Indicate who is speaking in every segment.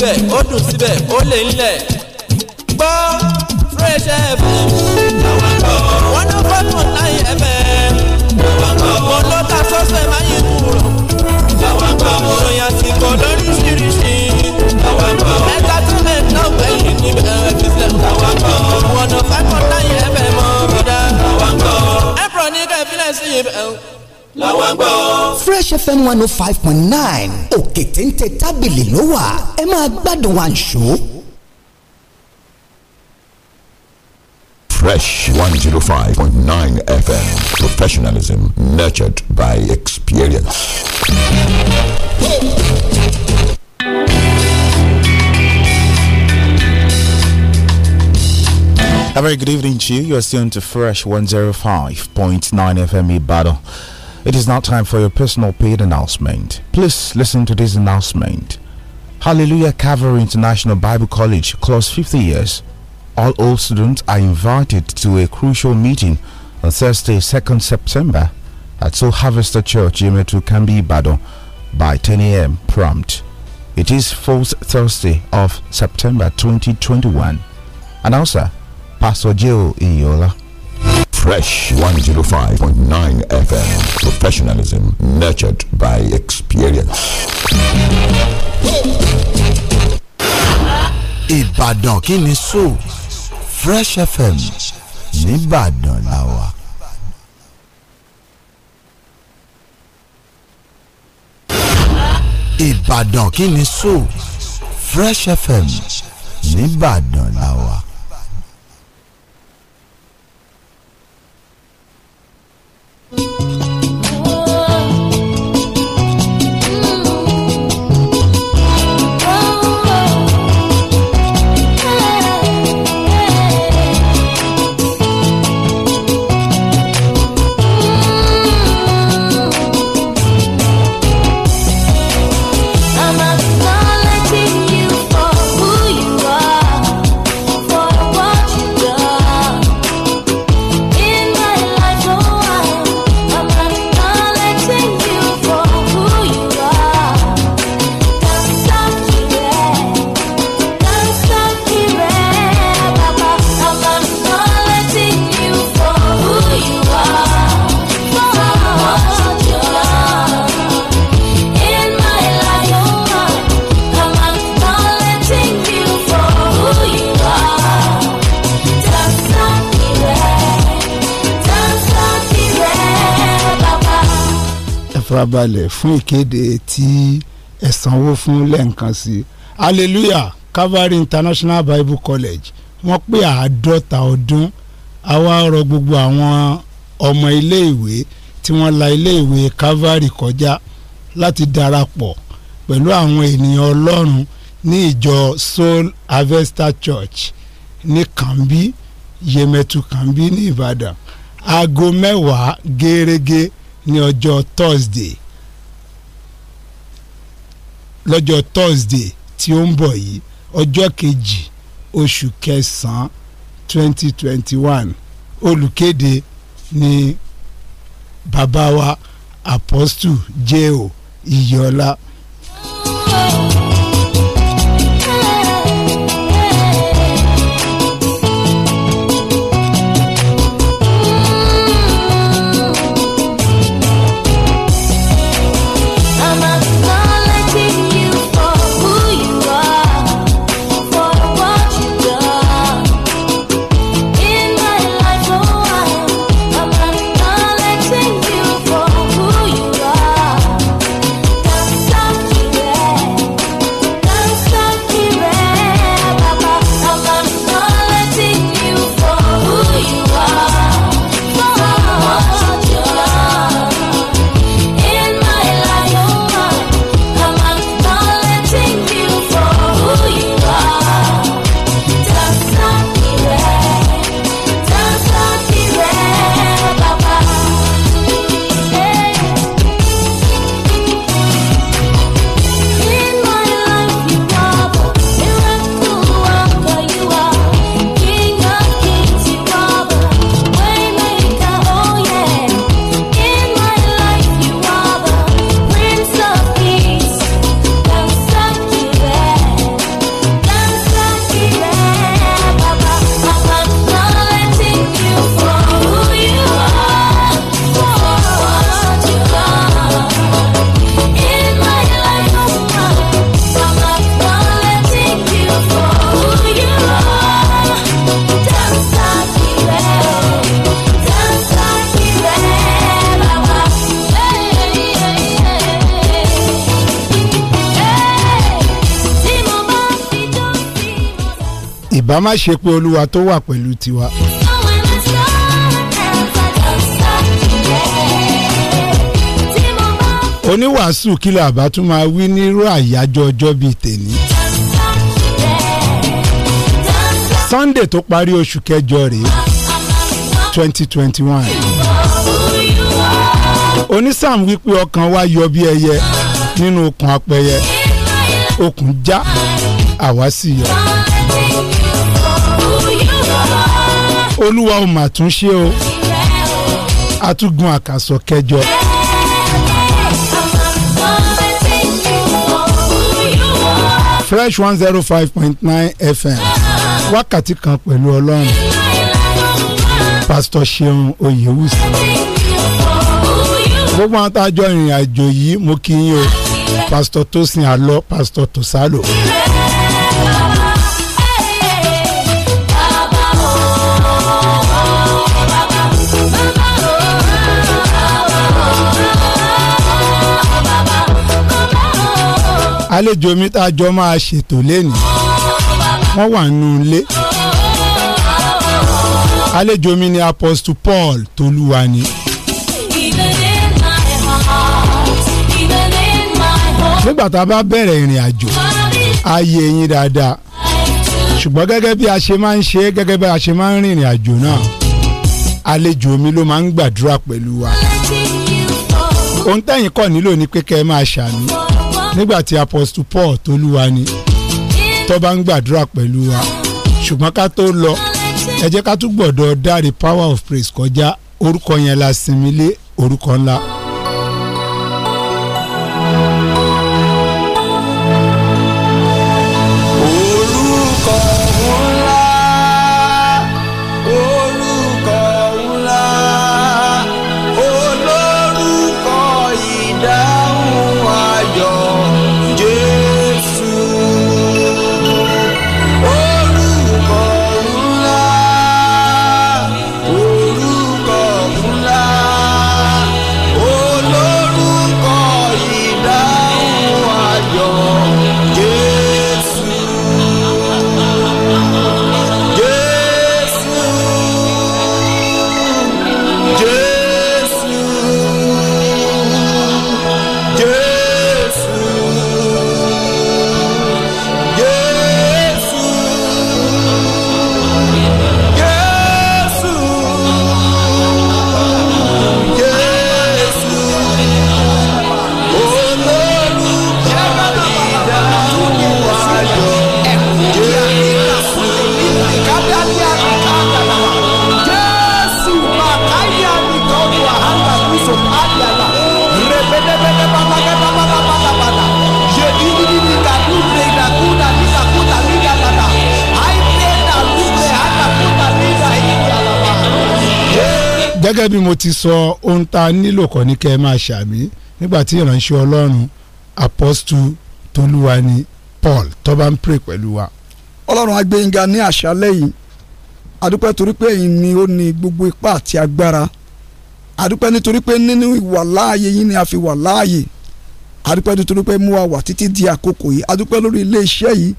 Speaker 1: síbẹ̀ ó dùn síbẹ̀ ó lè ń lẹ̀. gbọ́ fresh fm làwọn gbọ́ one oh five point nine fm ta sọ́sẹ̀ máa yẹ kúrò làwọn gbọ́ òròyìn àsìkò lóríṣiríṣi làwọn gbọ́ mẹ́ta tún lè ná gbẹ̀yìn níbẹ̀ ẹ̀fíṣẹ̀ làwọn gbọ́ one oh five point nine fm ọ̀dà làwọn gbọ́ ẹ̀pọ̀ ní kẹfílẹ̀ sí ibẹ̀.
Speaker 2: làwọn gbọ́. fresh fm one oh five point nine òkè téńté tábìlì ló wà ẹ máa gbádùn àǹṣó.
Speaker 3: Fresh 105.9 FM. Professionalism nurtured by experience.
Speaker 4: A very good evening to you. You're still on to Fresh 105.9 FM Battle. It is now time for your personal paid announcement. Please listen to this announcement.
Speaker 5: Hallelujah Calvary International Bible College closes 50 years. All old students are invited to a crucial meeting on Thursday, 2nd September at Soul Harvester Church, Yemetu Kambi Ibadan by 10 a.m. prompt. It is fourth Thursday of September 2021. Announcer Pastor Joe Inyola. Fresh 105.9
Speaker 3: FM. Professionalism nurtured by experience.
Speaker 5: Ìbàdàn kí so Fresh FM nìbàdàn la wà. Ìbàdàn kí ni so Fresh FM nìbàdàn la wà. farabalẹ̀ fún ìkéde tí ẹ sanwó fún lẹ́ǹkan sí hallelujah Calvary International Bible College wọ́n pé àádọ́ta ọdún àwa rọ gbogbo àwọn ọmọ iléèwé tí wọ́n la iléèwé Calvary kọjá láti darapọ̀ pẹ̀lú àwọn ènìyàn Ọlọ́run ní ìjọ Soul Harvester Church ní kambi Yemẹtu kambi ní Ìbàdàn aago mẹ́wàá gẹ́rẹ́gẹ́ ní ọjọ́ Thursday lọ́jọ́ Thursday tí ó ń bọ̀ yìí ọjọ́ kejì oṣù kẹsàn-án twenty twenty one olùkéde ní bàbá Apostle J.O. Iyọlá ìbá má ṣe pé olúwa tó wà pẹ̀lú tiwa. oníwàásù kí la tún máa wí nírú àyájọ́ ọjọ́ bíi tèmi. Sunday tó parí oṣù kẹjọ rèé twenty twenty one. onísàm wípé ọkàn wa yọ bí ẹyẹ nínú okùn apẹyẹ okùn já àwa sì yọ. olúwa ò mà tún ṣe o àtúgun àkàsọ̀ kẹjọ. fresh one zero five point nine fm wákàtí kan pẹ̀lú ọlọ́run pásítọ̀ ṣeun oyèwùsì gbogbo àwọn tá a jọ ìrìn àjò yìí mo kí yín o pásítọ̀ tó sin àlọ́ pásítọ̀ tó àlejò mi tá a jọ máa ṣètò lẹ́nu wọ́n wà nù ilé àlejò mi ni apostle Paul Tolúwani. nígbà tá a bá bẹ̀rẹ̀ ìrìn àjò ayé yín dáadáa ṣùgbọ́n gẹ́gẹ́ bí a ṣe máa ń ṣe gẹ́gẹ́ bí a ṣe máa ń rìn ìrìn àjò náà àlejò mi ló máa ń gbàdúrà pẹ̀lú wa ohun tẹ́yìn kọ́ nílò ni pé kẹ́ ẹ máa ṣàmì nígbà tí apostle Paul tolúwa ni tó bá ń gbàdúrà pẹ̀lú wa ṣùgbọ́n ká tó lọ ẹ jẹ́ ká tún gbọ́dọ̀ dáre power of praise kọjá orúkọ yẹn la sinmi lé orúkọ ńlá. gẹ́gẹ́ bí mo ti sọ ohun tá a nílò kọ́ ni kẹ́ ẹ máa ṣàmì nígbà tí ìránṣẹ́ ọlọ́run apọ́stù tolúwa ni Paul tó bá ń pray pẹ̀lú wa. ọlọ́run agbẹ́yìnga ní àṣálẹ́ yìí adúpẹ́ torí pé ẹ̀yin ni ó ní gbogbo ipá àti agbára adúpẹ́ nítorí pé nínú ìwà láàyè yín ni a fi wà láàyè adúpẹ́ nítorí pé mú wa wà títí di àkókò yìí adúpẹ́ lórí ilé iṣẹ́ yìí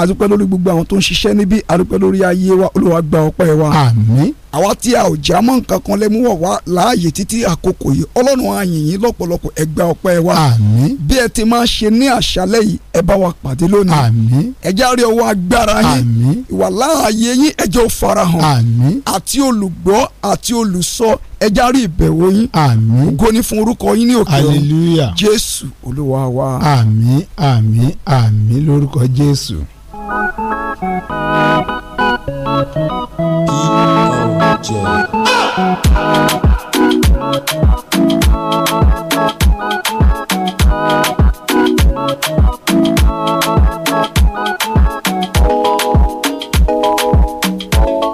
Speaker 5: adúpẹ́ lórí gbogbo àwọn tó ń ṣiṣẹ́ níbí adúpẹ́ lórí ayé wa olúwa gba ọpẹ́ wa. àmín àwa tí a ò já mọ́ nǹkan kan lè mú wọ̀ wá láàyè títí àkókò yìí ọlọ́run á lọ́pọ̀lọpọ̀ ẹgbẹ́ ọpẹ́ wa àmín bí ẹ ti máa ṣe ní àṣálẹ́ yìí ẹ bá wa pàdé lónìí àmín ẹ járe ọwọ́ agbára yín àmín ìwà láàyè yín ẹ jẹ́ ó farahàn àmín àti olùgbọ́ àti olùsọ ẹ járe ìbẹ̀wò yín àmín ògo ni fún orúkọ yín ní òkè hallelujah jésù olúwa wa àmín àmín àmín lórúkọ jésù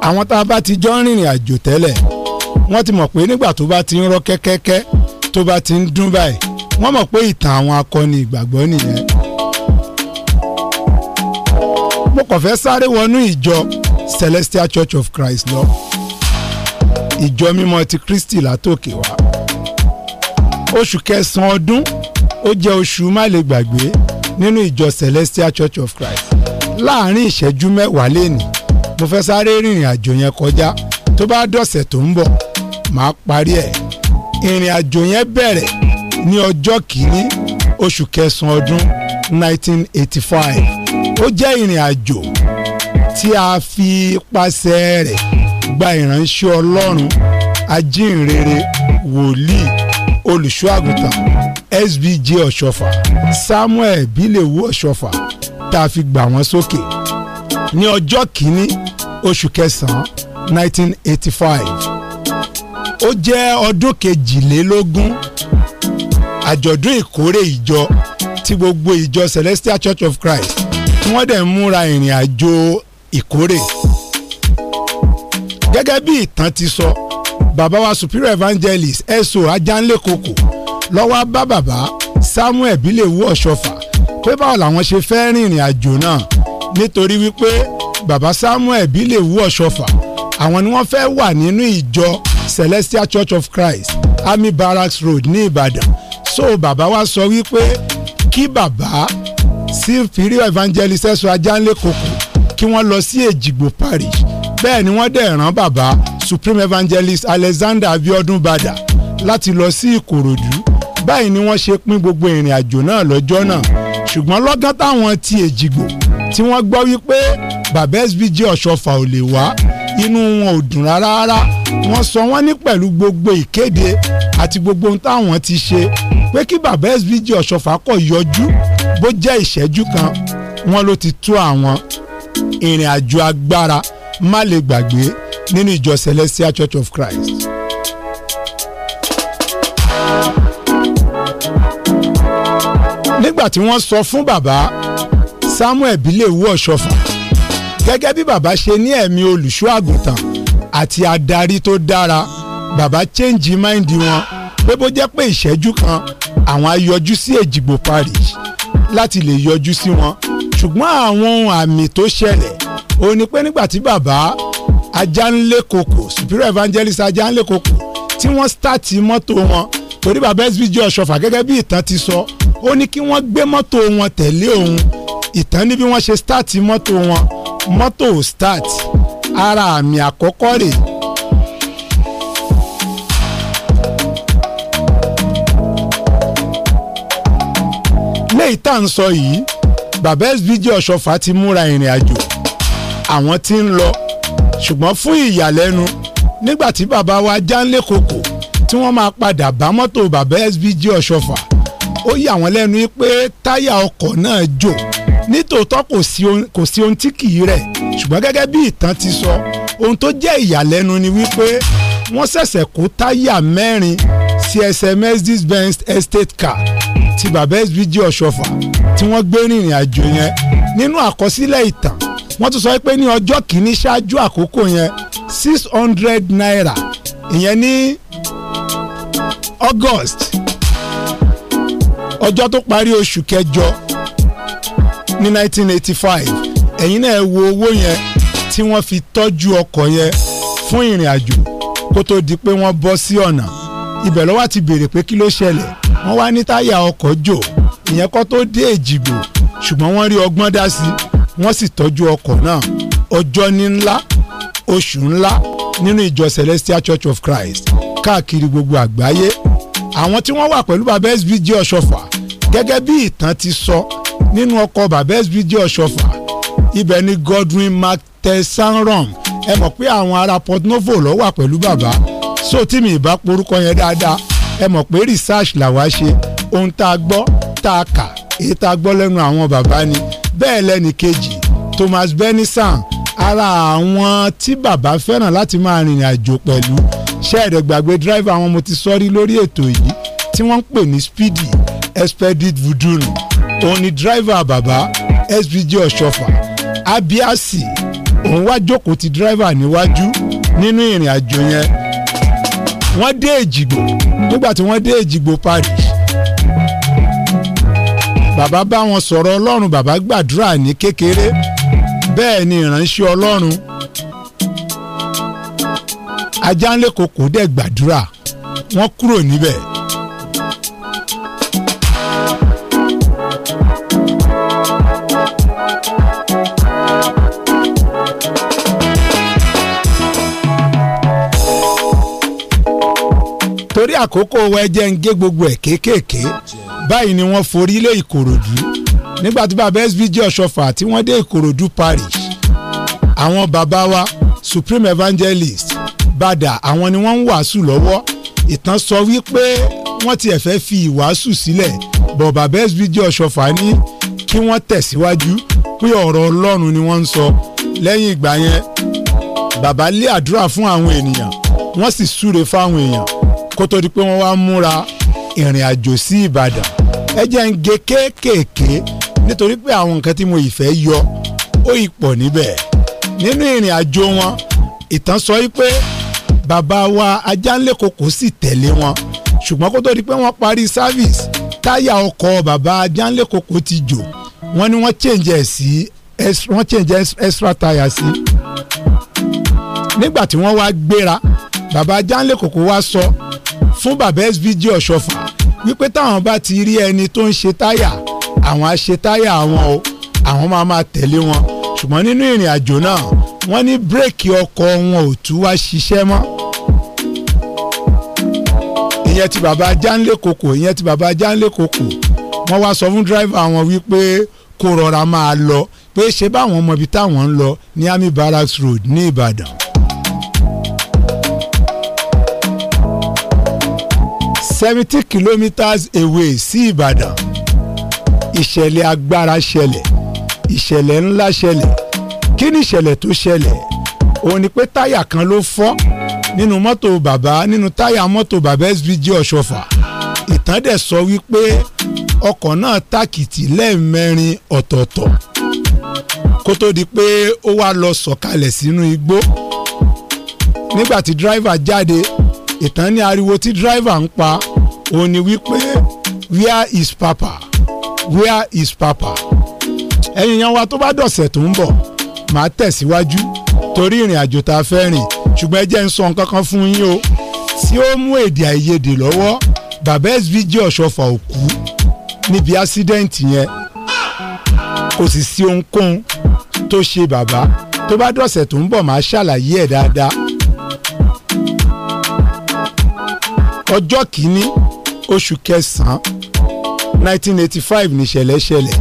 Speaker 5: àwọn tá a bá ti jọ ń rìnrìn àjò tẹ́lẹ̀ wọ́n ti mọ̀ pé nígbà tó bá ti ń rọ́ kẹ́kẹ́kẹ́ tó bá ti ń dún báyìí wọ́n mọ̀ pé ìtàn àwọn akọni ìgbàgbọ́ nìyẹn mo kàn fẹ́ sáré wọnú ìjọ Celestial Church of Christ lọ ìjọ mímọ́ ti Kristi látòkè wá oṣù kẹsàn-án ọdún ó jẹ́ oṣù má nínú ìjọ Celestial Church of Christ láàárín ìṣẹ́jú mẹ́wàá lẹ́nìí mo fẹ́ sáré rìnrìn àjò yẹn kọjá tó bá dọ̀sẹ̀ tó ń bọ̀ màá parí ẹ̀ ìrìn àjò yẹn bẹ̀rẹ̀ ní ọjọ́ kìíní oṣù kẹsàn ọdún 1985 ó jẹ́ ìrìn àjò tí a fi pasẹ̀ rẹ̀ gba ìránṣẹ́ ọlọ́run ajínrere wòlíì olùṣọ́àgùntàn SBJ ọ̀ṣọ́fà Samuel bílẹ̀wù ọ̀ṣọ́fà tá a fi gbà wọ́n sókè ní ọjọ́ kìíní oṣù kẹsàn-án 1985 ó jẹ́ ọdún kejìlélógún àjọ̀dún ìkórè ìjọ tí gbogbo ìjọ Celestial Church of Christ tí wọ́n dẹ̀ ń múra ìrìn àjò ìkórè gẹ́gẹ́ bí ìtàn ti sọ bàbá wa superior evangelist ẹ̀sọ́ ajánlékòkò lọ́wọ́ bá bàbá Samuel Bílẹ̀wú Ọ̀ṣọ́fà pé báwo làwọn ṣe fẹ́ rin ìrìn àjò náà nítorí wípé bàbá Samuel Bílẹ̀wú Ọ̀ṣọ́fà àwọn ni wọ́n fẹ́ wà nínú ìjọ Celestial Church of Christ Army Barracks Road ní Ìbàdàn so bàbá wa sọ wípé kí bàbá sí fírí evangelist ẹ̀sùn ajánlé kòkó kí wọ́n lọ sí èjìgbò parish bẹ́ẹ̀ ni wọ́n dẹ̀ rán bàbá supreme evangelist alexander abiodun bada láti lọ sí ìkòròdú báyìí ni wọ́n ṣe pín gbogbo ìrìn àjò náà lọ́jọ́ náà ṣùgbọ́n lọ́gán táwọn ti èjìgbò tí wọ́n gbọ́ wípé bàbá SBJ ọ̀ṣọ́fà ò lè wá inú wọn ò dùn rárá wọ́n sọ wọ́n ní pẹ̀lú gbogbo ìkéde àti gbogbo ohun táwọn ti ṣe pé kí bàbá SBJ ọ̀ṣọ́fà kọ̀ yọjú bó jẹ́ ìṣẹ́jú kan wọ́n ló ti tó àwọn ìrìn àjò agbára má lè gbàgbé nínú ìjọ Celestial Church of Christ. nígbà tí wọ́n sọ fún bàbá Samuel bílẹ̀ wú ọ̀ṣọ́fà gẹ́gẹ́ bí bàbá ṣe ní ẹ̀mí olùṣọ́ àgùntàn àti adarí tó dára bàbá change mind wọn pé bó jẹ́ pé ìṣẹ́jú kan àwọn á yọjú sí Èjìgbò parish láti lè yọjú sí wọn ṣùgbọ́n àwọn àmì tó ṣẹlẹ̀ ó ní pé nígbà tí bàbá ajánlékòkò superior evangelist ajánlékòkò tí wọ́n start mọ́tò wọn torí bàbá SBG ọ̀ṣọ́fà gẹ́gẹ́ bí ìtàn ti sọ ó ní kí wọ́n gbé mọ́tò wọn tẹ̀lé òun ìtàn ní bí wọ́n ṣe start mọ́tò wọn mọ́tò start ara àmì àkọ́kọ́ rèé eléyìí tá à ń sọ yìí bàbá SBG ọ̀ṣọ́fà ti múra ìrìn àjò àwọn tí ń lọ ṣùgbọ́n fún ìyàlẹ́nu nígbà tí bàbá wa Jánlé Kòkó tí wọ́n máa padà bá mọ́tò bàbá SBG ọ̀ṣọ́fà ó yà wọ́n lẹ́nu pé táyà ọkọ̀ náà jò nítòótọ́ kò sí ohun tí kì í rẹ̀ ṣùgbọ́n gẹ́gẹ́ bí ìtàn ti sọ ohun tó jẹ́ ìyàlẹ́nu ni wípé wọ́n ṣẹ̀ṣẹ̀ kó táyà mẹ́rin sí ẹsẹ̀ Mercedes-Benz estate car àti bàbá Sbg Ọ̀ṣọ́fà tí wọ́n gbé rìnrìn àjò yẹn nínú àkọsílẹ̀ ìtàn wọ́n tún sọ pé ní ọjọ́ kìíní ṣáájú àkókò yẹn six hundred naira ìyẹn ní August ọjọ́ tó parí oṣù kẹjọ ní nineteen eighty five ẹ̀yin náà wo owó yẹn tí wọ́n fi tọ́jú ọkọ̀ yẹn fún ìrìn àjò kó tó di pé wọ́n bọ́ sí ọ̀nà ibẹ̀ ló ti béèrè pé kí ló ṣẹlẹ̀ wọ́n wá ní táyà ọkọ̀ jò ìyẹn kọ́ tó dé èjìgbò ṣùgbọ́n wọ́n rí ọgbọ́n dá sí wọ́n sì tọ́jú ọkọ̀ náà ọjọ́ ní ńlá oṣù ńlá nínú ìjọ Celestial Church of Christ káàkiri gbogbo àgbáyé àwọn tí wọ́n wà pẹ̀lú bàbá SBJ ọ̀ṣọ́fà gẹ́gẹ́ bí ìtàn ti sọ nínú ọkọ̀ bàbá SBJ ọ̀ṣọ́fà ibẹ̀ ni Godwin Mactesanrom ẹ mọ̀ pé àwọn ará Port Novo ló wà pẹ̀lú bàbá so tí mi ì bá porúkọ yẹn dáadáa ẹ mọ̀ pé research làwa ṣe ohun tá a gbọ́ tá a kà èyí tá a gbọ́ lẹ́nu àwọn bàbá ni bẹ́ẹ̀ lẹ́ni kejì Thomas Benison ara àwọn tí bàbá fẹ́ràn láti máa rìnrìn àjò pẹ̀lú ṣẹ́ẹ̀dẹ̀ gbàgbé driver àwọn mo ti sọ́rí lórí ètò yìí tí wọ́n ń pè ní Speedy expedite voodoo òun ni driver bàbá SBJ ọ̀ṣọ́fà abiasi òun wá jókòó ti driver níwájú nínú ìrìn àjò yẹn wọ́n dé èjìgbò nígbà tí wọ́n dé èjìgbò parí bàbá bá wọn sọ̀rọ̀ ọlọ́run bàbá gbàdúrà ní kékeré bẹ́ẹ̀ ni ìránṣẹ́ ọlọ́run ajánlẹ́kọ̀ọ́ kò dẹ̀ gbàdúrà wọ́n kúrò níbẹ̀. torí àkókò wa ẹjẹ́ ń gé gbogbo ẹ̀ kéékèèké báyìí ni wọ́n forí lé Ìkòròdú nígbà tí bàbá SBG Ọ̀ṣọ́fà tí wọ́n dé Ìkòròdú parish àwọn bàbá wa Supreme Evangelist Bàdà àwọn ni wọ́n ń wàásù lọ́wọ́ ìtàn sọ wípé wọ́n ti ẹ̀fẹ́ fi ìwàásù sílẹ̀ bọ̀ bàbá SBG Ọ̀ṣọ́fà ní kí wọ́n tẹ̀síwájú pé ọ̀rọ̀ Ọlọ́run ni wọ́n ń sọ lẹ́yìn ìgbà yẹn bàbá lé àdúrà fún àwọn ènìyàn wọ́n sì súre fáwọn èèyàn kó tó di pé wọ́n wá múra ìrìn àjò sí Ìbàdàn ẹ ń gé kéékèèké nítorí pé àwọn nǹkan tí mo ìfẹ́ yọ ó ìpọ̀ níbẹ̀ nínú ìrìn àjò wọn ìtàn sọ wípé bàbá wa ajánlékòkò sì tẹ̀lé wọn ṣùgbọ́n kó tó di pé wọ́n parí service táyà ọkọ̀ bàbá ajánlékòkò ti jò wọ́n ní wọ́n change ẹ̀ sí wọ́n change extra tire sí. nígbà tí wọ́n wá gbéra bàbá ajánlékòkò wá sọ fún bàbá SVG ọ̀ṣọ́fún wípé táwọn bá ti rí ẹni tó ń ṣe táyà àwọn á ṣe táyà wọn o àwọn máa máa tẹ̀lé wọn ṣùgbọ́n nínú ìrìn àjò náà wọ́n ní bírèkì ọkọ̀ wọn ò tún wá ṣiṣẹ́ mọ́ ìyẹn ti bàbá Jánlé Kòkò ìyẹn ti bàbá Jánlé Kòkò wọ́n wá sọ fún dírẹ́fà wọn wípé kó rọra máa lọ pé ṣe báwọn ọmọ ibi táwọn ń lọ ní Army Barracks Road ní Ìbàdàn seventy kilometres away sí Ìbàdàn ìṣẹ̀lẹ̀ agbára ṣẹlẹ̀ ìṣẹ̀lẹ̀ ńlá ṣẹlẹ̀ kí ni ìṣẹ̀lẹ̀ tó ṣẹlẹ̀ òun ni pé táyà kan ló fọ́ nínú mọ́tò bàbá nínú táyà mọ́tò bàbá SBG Ọ̀ṣọ́fà ìtàn dẹ̀ sọ wípé ọkọ̀ náà tàkìtì lẹ́ẹ̀mẹrin ọ̀tọ̀ọ̀tọ̀ kó tó di pé ó wá lọ sọ̀kalẹ̀ sínú igbó nígbà tí dírẹ́fà jáde ìtàn ní ariwo tí dírìvà ń pa òun ni wípé where is papa where is papa ẹ̀yin yan wa tó bá dọ̀sẹ̀ tó ń bọ̀ màá tẹ̀síwájú torí ìrìn àjò tá a fẹ́ rìn ṣùgbọ́n ẹ jẹ́ ń sọ nǹkan kan fún yín o tí ó mú èdè àìyedè lọ́wọ́ bàbá SVG ọ̀ṣọ́fà òkú níbi ásídẹ́ǹtì yẹn kò sì sí ohunkóhun tó ṣe bàbá tó bá dọ̀sẹ̀ tó ń bọ̀ màá ṣàlàyé ẹ̀ dáadáa ọjọ́ kìíní oṣù kẹsàn-án 1985 níṣẹ̀lẹ̀ ṣẹlẹ̀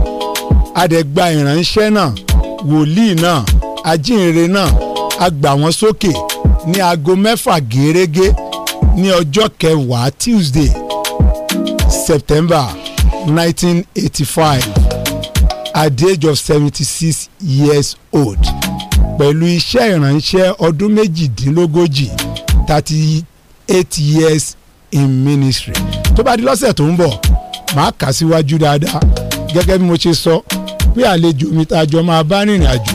Speaker 5: àdẹ̀gba ìránṣẹ́ náà wòlíì náà ajínrere náà a gbà wọ́n sókè ní aago mẹ́fà gẹ́rẹ́gẹ́ ní ọjọ́ kẹwàá Tuesday September 1985 at the age of 76 years old pẹ̀lú iṣẹ́ ìránṣẹ́ ọdún méjìdínlógójì 38 years in ministry tó bá di lọ́sẹ̀ tó ń bọ̀ màá kà síwájú dáadáa gẹ́gẹ́ bí mo ṣe sọ pé àlejò mi tá a jọ máa bá rìnrìn àjò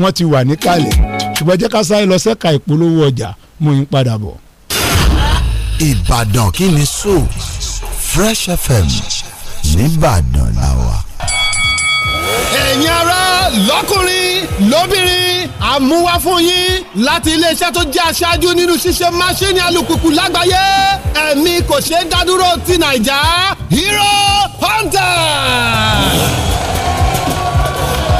Speaker 5: wọ́n ti wà níkàlẹ̀ ṣùgbọ́n jẹ́ ká sáré lọ sẹ́ka ìpolówó ọjà mú yín padà bọ̀. Ìbàdàn kí ni so Fresh FM nìbàdàn làwà.
Speaker 6: ẹ̀yin ará lọ́kùnrin lóbìnrin àmúwá fún yín láti iléeṣẹ́ tó jẹ́ aṣáájú nínú ṣíṣe máṣíìnì alùpùpù lágbàáyé ẹ̀mí kò ṣeé dádúró ti nàìjà Hero Hunter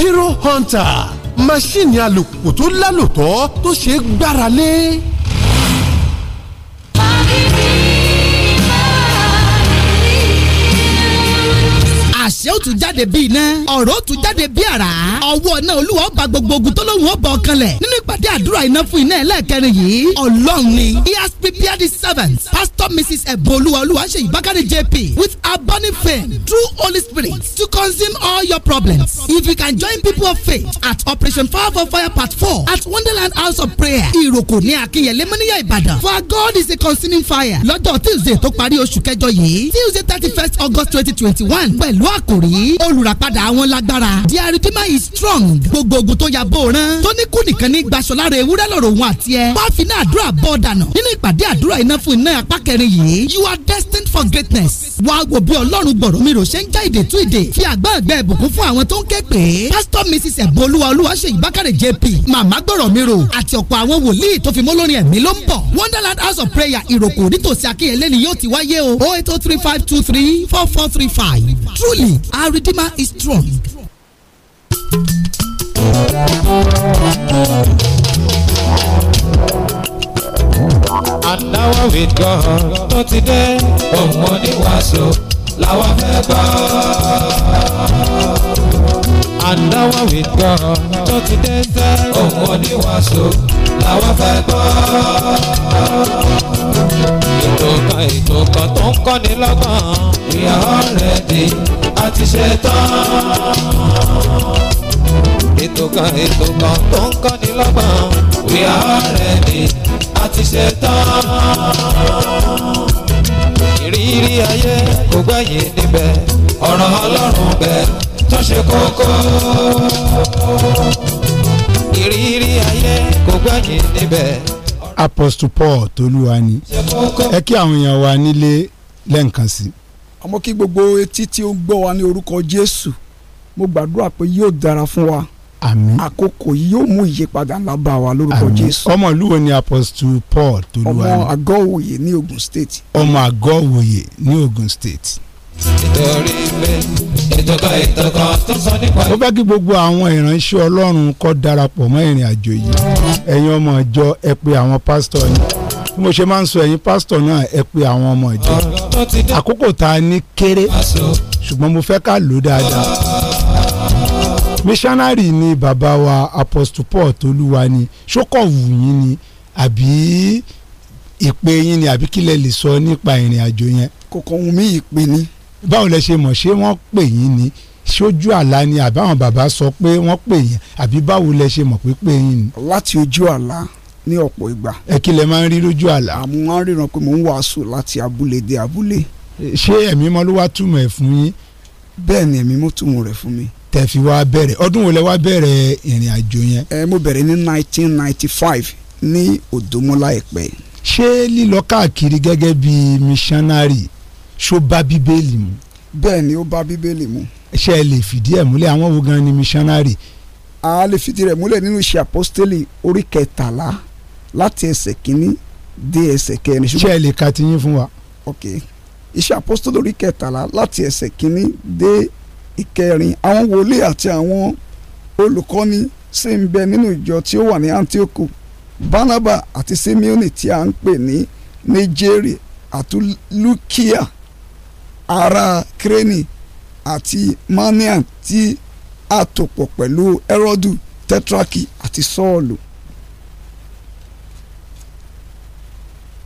Speaker 6: Hero Hunter máṣíìnì alùpùpù tó lálòtọ́ tó ṣeé gbára lé
Speaker 2: àṣẹ ó tún jáde bí iná ọ̀rọ̀ ó tún jáde bí àrá ọwọ́ náà olúwa ó gbogbo ogun tó lóhùn ó bọ̀ lẹ̀ nínú ìpàdé àdúrà iná fún iná ẹlẹ́ẹ̀kẹrin yìí ọlọ́run ni he has prepared his servants pastor mrs ẹ̀bùn olúwa olúwaṣeyì bákàrẹ̀ jp with burning fame through holy spirit to consume all your problems if you can join people of faith at operation fire for fire part four at wonderland house of prayer ìrókò ní akínyẹlé mọ́níyà ìbàdàn for god is a consuming fire lọ́jọ́ tuesday tó parí oṣù kẹjọ yìí tuesday thirty first august twenty twenty one pẹ̀lú àkó jésù rí olùràpadà àwọn lágbára The redeemer is strong gbogbo ogun tó ya bó rán tó ní kú nìkan ní gbaṣọ lára ewúrẹ́ lọ́rọ̀ òun àti ẹ wá fi ní àdúrà bọ́ dànù nínú ìpàdé àdúrà iná fún iná apá kẹrin yìí you are destined for greatness wá wò bí ọlọ́run gbọ̀rọ̀ mi rò ṣe ń já ìdè tú ìdè fi àgbàgbẹ́ ìbùkún fún àwọn tó ń ké pè pásítọ̀ mrs ẹ̀bùnolúwa olúwaṣeyì bákàrẹ̀ jp màmá gbọ̀rọ̀ mi rò àti ọ̀pọ̀ àwọn wòlíì tó fi mọ́ lórin ẹ̀mí ló ń bọ̀ wonderland house of prayer ìròkò nítòsí akínyẹlé ni yóò ti wáyé o oh eight oh three five two three four four three five truly our redeemer is strong
Speaker 1: àdáwọ̀ with God tó ti dé òun oníwàásù làwọn fẹ́ gbọ́. àdáwọ̀ with God tó ti dé sẹ́ òun oníwàásù làwọn fẹ́ gbọ́. ètò kan ètò kan tó ń kọ́ni lọ́gbọ̀n ìyàwó rẹ̀ di àti ṣetán ètò kan ètò kan tó ń kọ́ni lọ́gbọ̀n we are ready àti ṣetán. ìrírí ayé kò gbẹ̀yìn níbẹ̀ ọ̀rọ̀ ọlọ́run bẹ̀ tó ṣe kókó. ìrírí ayé kò gbẹ̀yìn níbẹ̀.
Speaker 5: apostle paul tolúwa ni ẹ kí àwọn èèyàn wa nílé lẹ́ǹkan sí. àmọ́ kí gbogbo etí tí ó ń gbọ́ wa ní orúkọ jésù mo gbàdúrà pé yóò dára fún wa àmín àkókò yìí yóò mú ìyípadà ńlá bá wa lórúkọ jésù. ọmọ ìlú wo ni apostle paul tolúwa ọmọ àgọ́wòye ní ogun state. ọmọ àgọ́wòye ní ogun state.
Speaker 1: nítorí pé ìtọ́ka ìtọ́ka tó sọ nípa. ó fẹ́
Speaker 5: kí gbogbo àwọn ìránṣẹ́ ọlọ́run kó darapọ̀ mọ́ ìrìn àjò yìí ẹ̀yin ọmọ ìjọ ẹ pé àwọn pásítọ̀ yìí bí mo ṣe máa ń sọ ẹ̀yin pásítọ̀ náà ẹ pé àwọn ọmọ ìjọ àkókò tá a kéré ṣùgbọ́n mo fẹ́ ká lò dáadáa missionary ni bàbá wa apostle paul tolúwa ni ṣókọ̀wù yín ni àbí ìpè yín ni àbí kílẹ̀ lè sọ nípa ìrìn àjò yẹn. kòkò ohun mi ìpè ni. báwo lẹ ṣe mọ̀ ṣé wọ́n pè yín ni ṣojú àlá ni àbáwọn bàbá sọ pé wọ́n pè yín àbí báwo lẹ ṣe mọ̀ pé yín ni. láti ojú àlá ní ọ̀pọ̀ ìgbà. ẹ kí lẹ máa ń rí lójú àlá. àmọ́ wọn ríran pé mò ń wàásù láti abúlé dé abúlé. ṣé ẹ̀mí mọ́ ló wá túmọ̀ ẹ̀ fún yín. bẹ́ẹ̀ ni ẹ̀mí mọ́ túmọ̀ rẹ̀ fún mi tẹ́ fi wá bẹ̀rẹ̀ ọdún wo lẹ wá bẹ̀rẹ̀ ìrìn àjò yẹn. ẹ mo bẹ̀rẹ̀ ní nineteen ninety five ní òdòmọ́lá ẹ̀pẹ́. ṣé lílọ káàkiri gẹ́gẹ́ bí missionary ṣó bá bíbélì mu. bẹ́ẹ̀ ni ó bá bíbélì mu. ṣé ẹ lè fìdí ẹ̀ múlẹ̀ àwọn wo gan ni missionary. a lè fìdí rẹ̀ múlẹ̀ nínú iṣẹ́ apostoli orí kẹtàlá láti ẹsẹ̀ kínní dé ẹsẹ̀ kẹrin. ṣé ẹ lè ka tiyín fún wa. ok iṣẹ́ apostoli orí kẹtàlá láti ẹsẹ̀ kínní dé ìkẹrin àwọn wòlíì àti àwọn olùkọ́ni sì ń bẹ nínú ìjọ tí ó wà ní Antioch Barnaba àti Simeoni tí a ń pè ní Níjẹ́rì àti Lukia ará Kírẹ́nì àti Manian tí a tò pọ̀ pẹ̀lú Herodu Tetraki àti Sọ́ọ̀lù.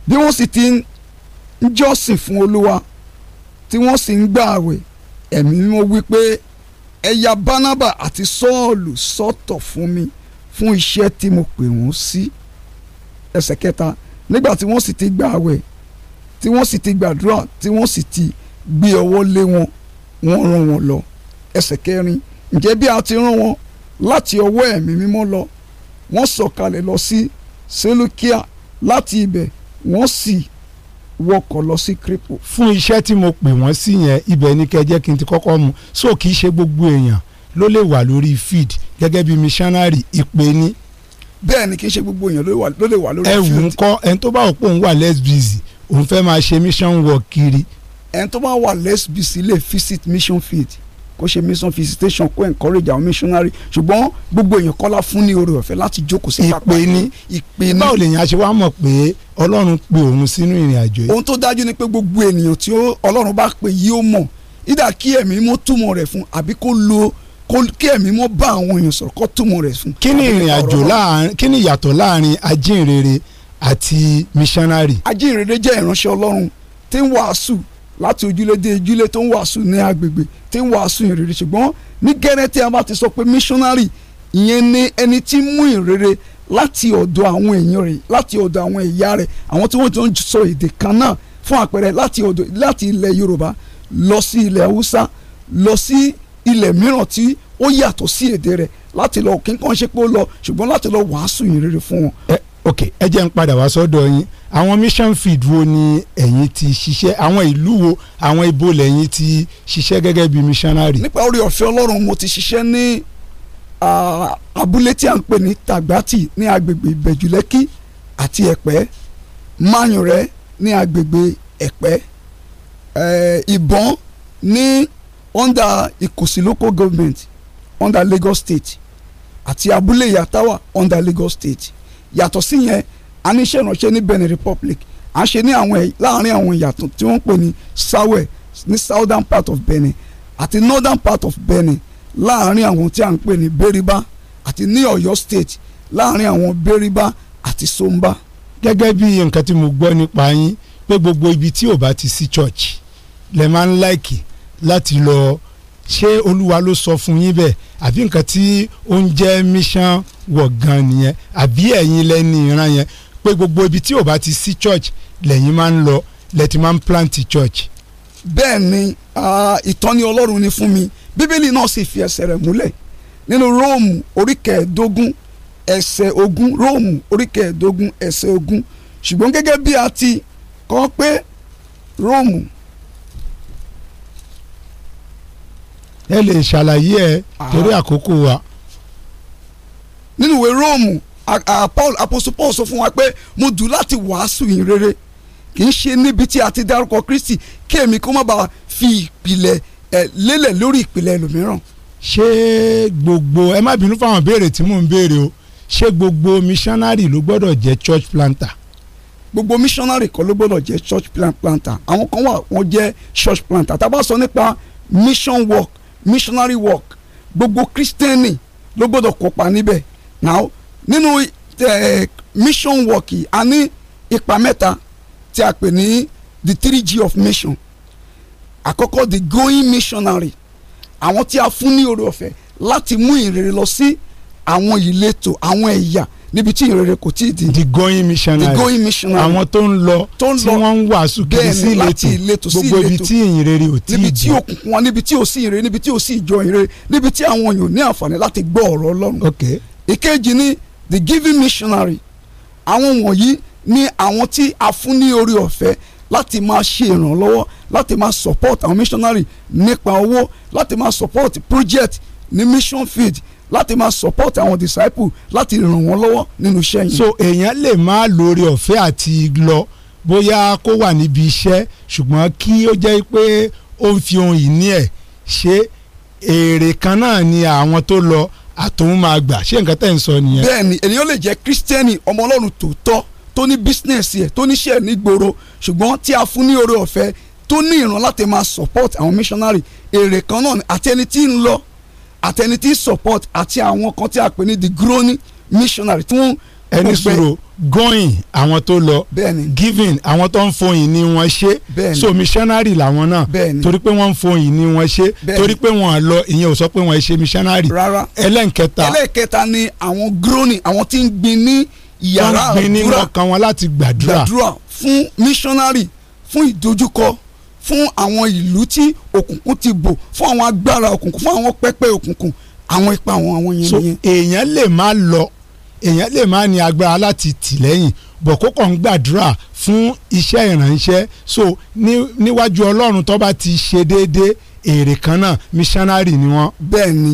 Speaker 5: bí wọ́n sì ti ń jọ́sìn fún Olúwa tí wọ́n sì ń gbààwẹ̀ ẹ̀mí mímọ́ wípé ẹ ya bánábà àti sọ́ọ̀lù sọ́tọ̀ fún mi fún iṣẹ́ tí mo pè wọ́n sí ẹsẹ̀ kẹta nígbà tí wọ́n sì ti gba àwẹ̀ tí wọ́n sì ti gbàdúrà tí wọ́n sì ti gbé ọwọ́ lé wọn wọ́n rán wọn lọ ẹsẹ̀ kẹrin ǹjẹ́ bí a ti rán wọn láti ọwọ́ ẹ̀mí mímọ́ lọ wọ́n sọ̀kalẹ̀ lọ sí seleukia láti ibẹ̀ wọ́n sì si wọkọ̀ lọ sí kripo. fún iṣẹ́ tí mo pè wọ́n sí yẹn ibẹ̀ ni kẹ́ kí n ti kọ́kọ́ mu so kì í ṣe gbogbo èèyàn ló lè wà lórí feed gẹ́gẹ́ bí missionary ìpè ní. bẹ́ẹ̀ ni kì í ṣe gbogbo èèyàn ló lè wà lórí feed. ẹ̀wù ń kọ́ ẹni tó bá wò pé òun wà less òun fẹ́ máa ṣe mission work kiri. ẹni tó bá wà less lè visit mission field kó ṣe mission visitation kó encourage àwọn missionary ṣùgbọ́n gbogbo èèyàn kọ́lá fún ní oore ọ̀fẹ́ láti jókòó sí pápá ìpè ní ìpè ní. báwo lèèyàn ṣe wá mọ̀ pé ọlọ́run pe òun sínú ìrìn àjò yìí. ohun tó dájú ni pé gbogbo ènìyàn tí ọlọ́run bá pe yìí ó mọ̀ ìdá kí ẹ̀mí mọ́ túmọ̀ rẹ̀ fún àbí kó lo kí ẹ̀mí mọ́ bá àwọn èèyàn sọ̀rọ̀ kó túmọ̀ rẹ̀ fún. kí ni ìrìn àjò láàrin kí ni ìyàtọ̀ láàrin ajínrere àti missionary. ajínrere jẹ́ ìránṣẹ́ ọlọ́run tí ń wàásù láti ojúlé dé ojúlé tó ń wàásù ní agbègbè tí ń wàásù ìrere ṣùgbọ́n ní gẹ́rẹ́ tí a bá ti sọ pé missionary ìyẹn ni ẹni tí ń mú ìrere láti ọ̀dọ̀ àwọn èèyàn rẹ̀ láti ọ̀dọ̀ àwọn ẹ̀yà rẹ̀ àwọn tí wọ́n ti ń sọ èdè kan náà fún àpẹẹrẹ láti ọ̀dọ̀ láti ilẹ̀ Yorùbá lọ sí ilẹ̀ Haúsá lọ sí ilẹ̀ mìíràn tí ó yàtọ̀ sí èdè rẹ̀ láti lọ kí n kàn ṣe pé ó lọ ṣùgbọ́n láti lọ wàásù ìrere fún wọn ok ẹ jẹ́ ń padà wá sọ́dọ̀ yín àwọn mission field wo ni ẹ̀yin ti ṣiṣẹ́ àwọn ìlú wo àwọn ibo lẹ́yìn ti ṣiṣẹ́ gẹ́gẹ́ bí missionary. nípa orí ọ̀fẹ́ ọlọ́run mo ti ṣiṣẹ́ ní abúlé tí a ń pè ní tàgbátì ní agbègbè ìbẹ̀jùlẹ́kì àti ẹ̀pẹ́ mayùnrẹ́ ní agbègbè ẹ̀pẹ́ ìbọn ní under ìkòsí local government under Lagos State àti abúlé ìyàtáwà under Lagos State yàtọ̀ sí yẹn a ní iṣẹ́ ìrànṣẹ́ ní Benin Republic à ń ṣe ní àwọn láàrin àwọn ìyàtọ̀ tí wọ́n ń pè ní sawe ní southern part of Benin àti northern part of Benin láàrin àwọn tí a ń pè ní Beriba àti ní Ọ̀yọ́ state láàrin àwọn Beriba àti Somba. gẹ́gẹ́ bí nǹkan tí mo gbọ́ nípa yín pé gbogbo ibi tí ò bá ti sí church lè máa ń láìkì láti lọ ṣé olúwa ló sọ fún yín bẹ́ẹ̀ àbí nǹkan tí ó ń jẹ́ mission wọ̀ gan nìyẹn àbí ẹ̀yin lẹ́ni ìran yẹn pé gbogbo ibi tí ò bá ti sí church lẹ́yìn máa ń lọ lẹ́tí máa ń plant church. bẹ́ẹ̀ ni ìtọ́ni ọlọ́run ni fún mi bíbélì náà sì fi ẹsẹ̀ rẹ̀ múlẹ̀ nínú róòmù orí kẹẹ̀ẹ́dógún ẹsẹ̀ ogún róòmù orí kẹẹ̀ẹ́dógún ẹsẹ̀ ogún ṣùgbọ́n gẹ́gẹ́ bí a ti kọ́ pé róòmù ẹ lè ṣàlàyé ẹ torí ah. àkókò wa nínú ìwé róòmù paul apostle paul sọ fún wa pé mo dù láti wàásù yín rere kì í ṣe níbi tí a ti dárúkọ kristi kí èmi kó má bàa fi ìpìlẹ̀ ẹ̀ lélẹ̀ lórí ìpìlẹ̀ ẹlòmíràn. ṣé gbogbo ẹ má bínú fáwọn béèrè tí mò ń béèrè o ṣé gbogbo missionary ló gbọ́dọ̀ jẹ́ church planter. gbogbo missionary kọ́ ló gbọ́dọ̀ jẹ́ church planter àwọn kan wà wọ́n jẹ́ church planter tá a bá sọ nípa mission work missionary work gbogbo kristẹni ló gbọ́dọ̀ kópa níbẹ̀ now nínú eh, mission work yìí a ní ipa mẹ́ta tí a pè ní the three g of mission àkọ́kọ́ the going missionary àwọn tí a fún ní oore ọ̀fẹ́ láti mú ìrere lọ sí àwọn ìletò àwọn ẹ̀yà níbi tí ìrere kò tí ì di. the going missionary the going missionary àwọn tó ń lọ tó ń lọ tí wọ́n ń wàásù kiri sí ìletò gbogbo ibi tí ìrere ò tí ì di. níbi tí òkùnkùn wọn níbi tí ò sí ìrere níbi tí ò sí ìjọ ìrere níbi tí àwọn èèyàn ní àǹfààní láti gbọ́ ọ̀rọ̀ Ọlọ́run. okay ìkejì ni the giving missionary àwọn wọ̀nyí ni àwọn tí a fún ní orí ọ̀fẹ́ láti máa ṣe ìrànlọ́wọ́ láti máa support àwọn missionary nípa owó láti máa support project ní mission field láti máa support àwọn disciple láti ràn wọ́n lọ́wọ́ nínú iṣẹ́ yìí. so èèyàn lè má lórí ọ̀fẹ́ àti lọ bóyá kó wà níbi iṣẹ́ ṣùgbọ́n kí ó jẹ́ pé ó ń fi ohun ìní ẹ̀ ṣe èrè kan náà ni àwọn tó lọ àtòun máa gbà ṣé nǹkan tẹ̀ ń sọ nìyẹn. bẹ́ẹ̀ni ènìyàn lè jẹ kristẹni ọmọ Ọlọ́run tòótọ́ tó ní bísínẹsì ẹ tó níṣẹ́ nígboro ṣùgbọ́n tí a fún ní oore ọ̀fẹ́ tó ní ìran láti máa support àwọn missionary èrè kan náà ni àti ẹni tí ń lọ àti ẹni tí ń support àti àwọn kan tí a pè ní the groaning missionary tí wọ́n ẹni sọ̀rọ̀ going àwọn tó lọ giving àwọn tó ń foyìn ni wọ́n ṣe so missionary làwọn náà torí pé wọ́n ń foyìn ni wọ́n ṣe torí pé wọ́n lọ ìyẹn ò sọ pé wọ́n ṣe missionary rárá ẹlẹ́nkẹta ẹlẹ́nkẹta ni àwọn groaning àwọn tí ń gbin ní yàrá àdúrà gbin ní ọkàn wọn láti gbàdúrà gbàdúrà fún missionary fún ìdojúkọ fún àwọn ìlú tí òkùnkùn ti bò fún àwọn agbára òkùnkùn fún àwọn pẹpẹ òkùnkùn àwọn ipa àwọn àwọn yẹn nìyẹn. so èèyàn lè má lọ èèyàn lè má ní agbára láti tì lẹ́yìn bọ̀ kó ń gbàdúrà fún iṣẹ́ ìrànṣẹ́ so níwájú ọlọ́run tó bá ti ṣe déédéé èrè kan náà missionary ni wọ́n. bẹ́ẹ̀ ni.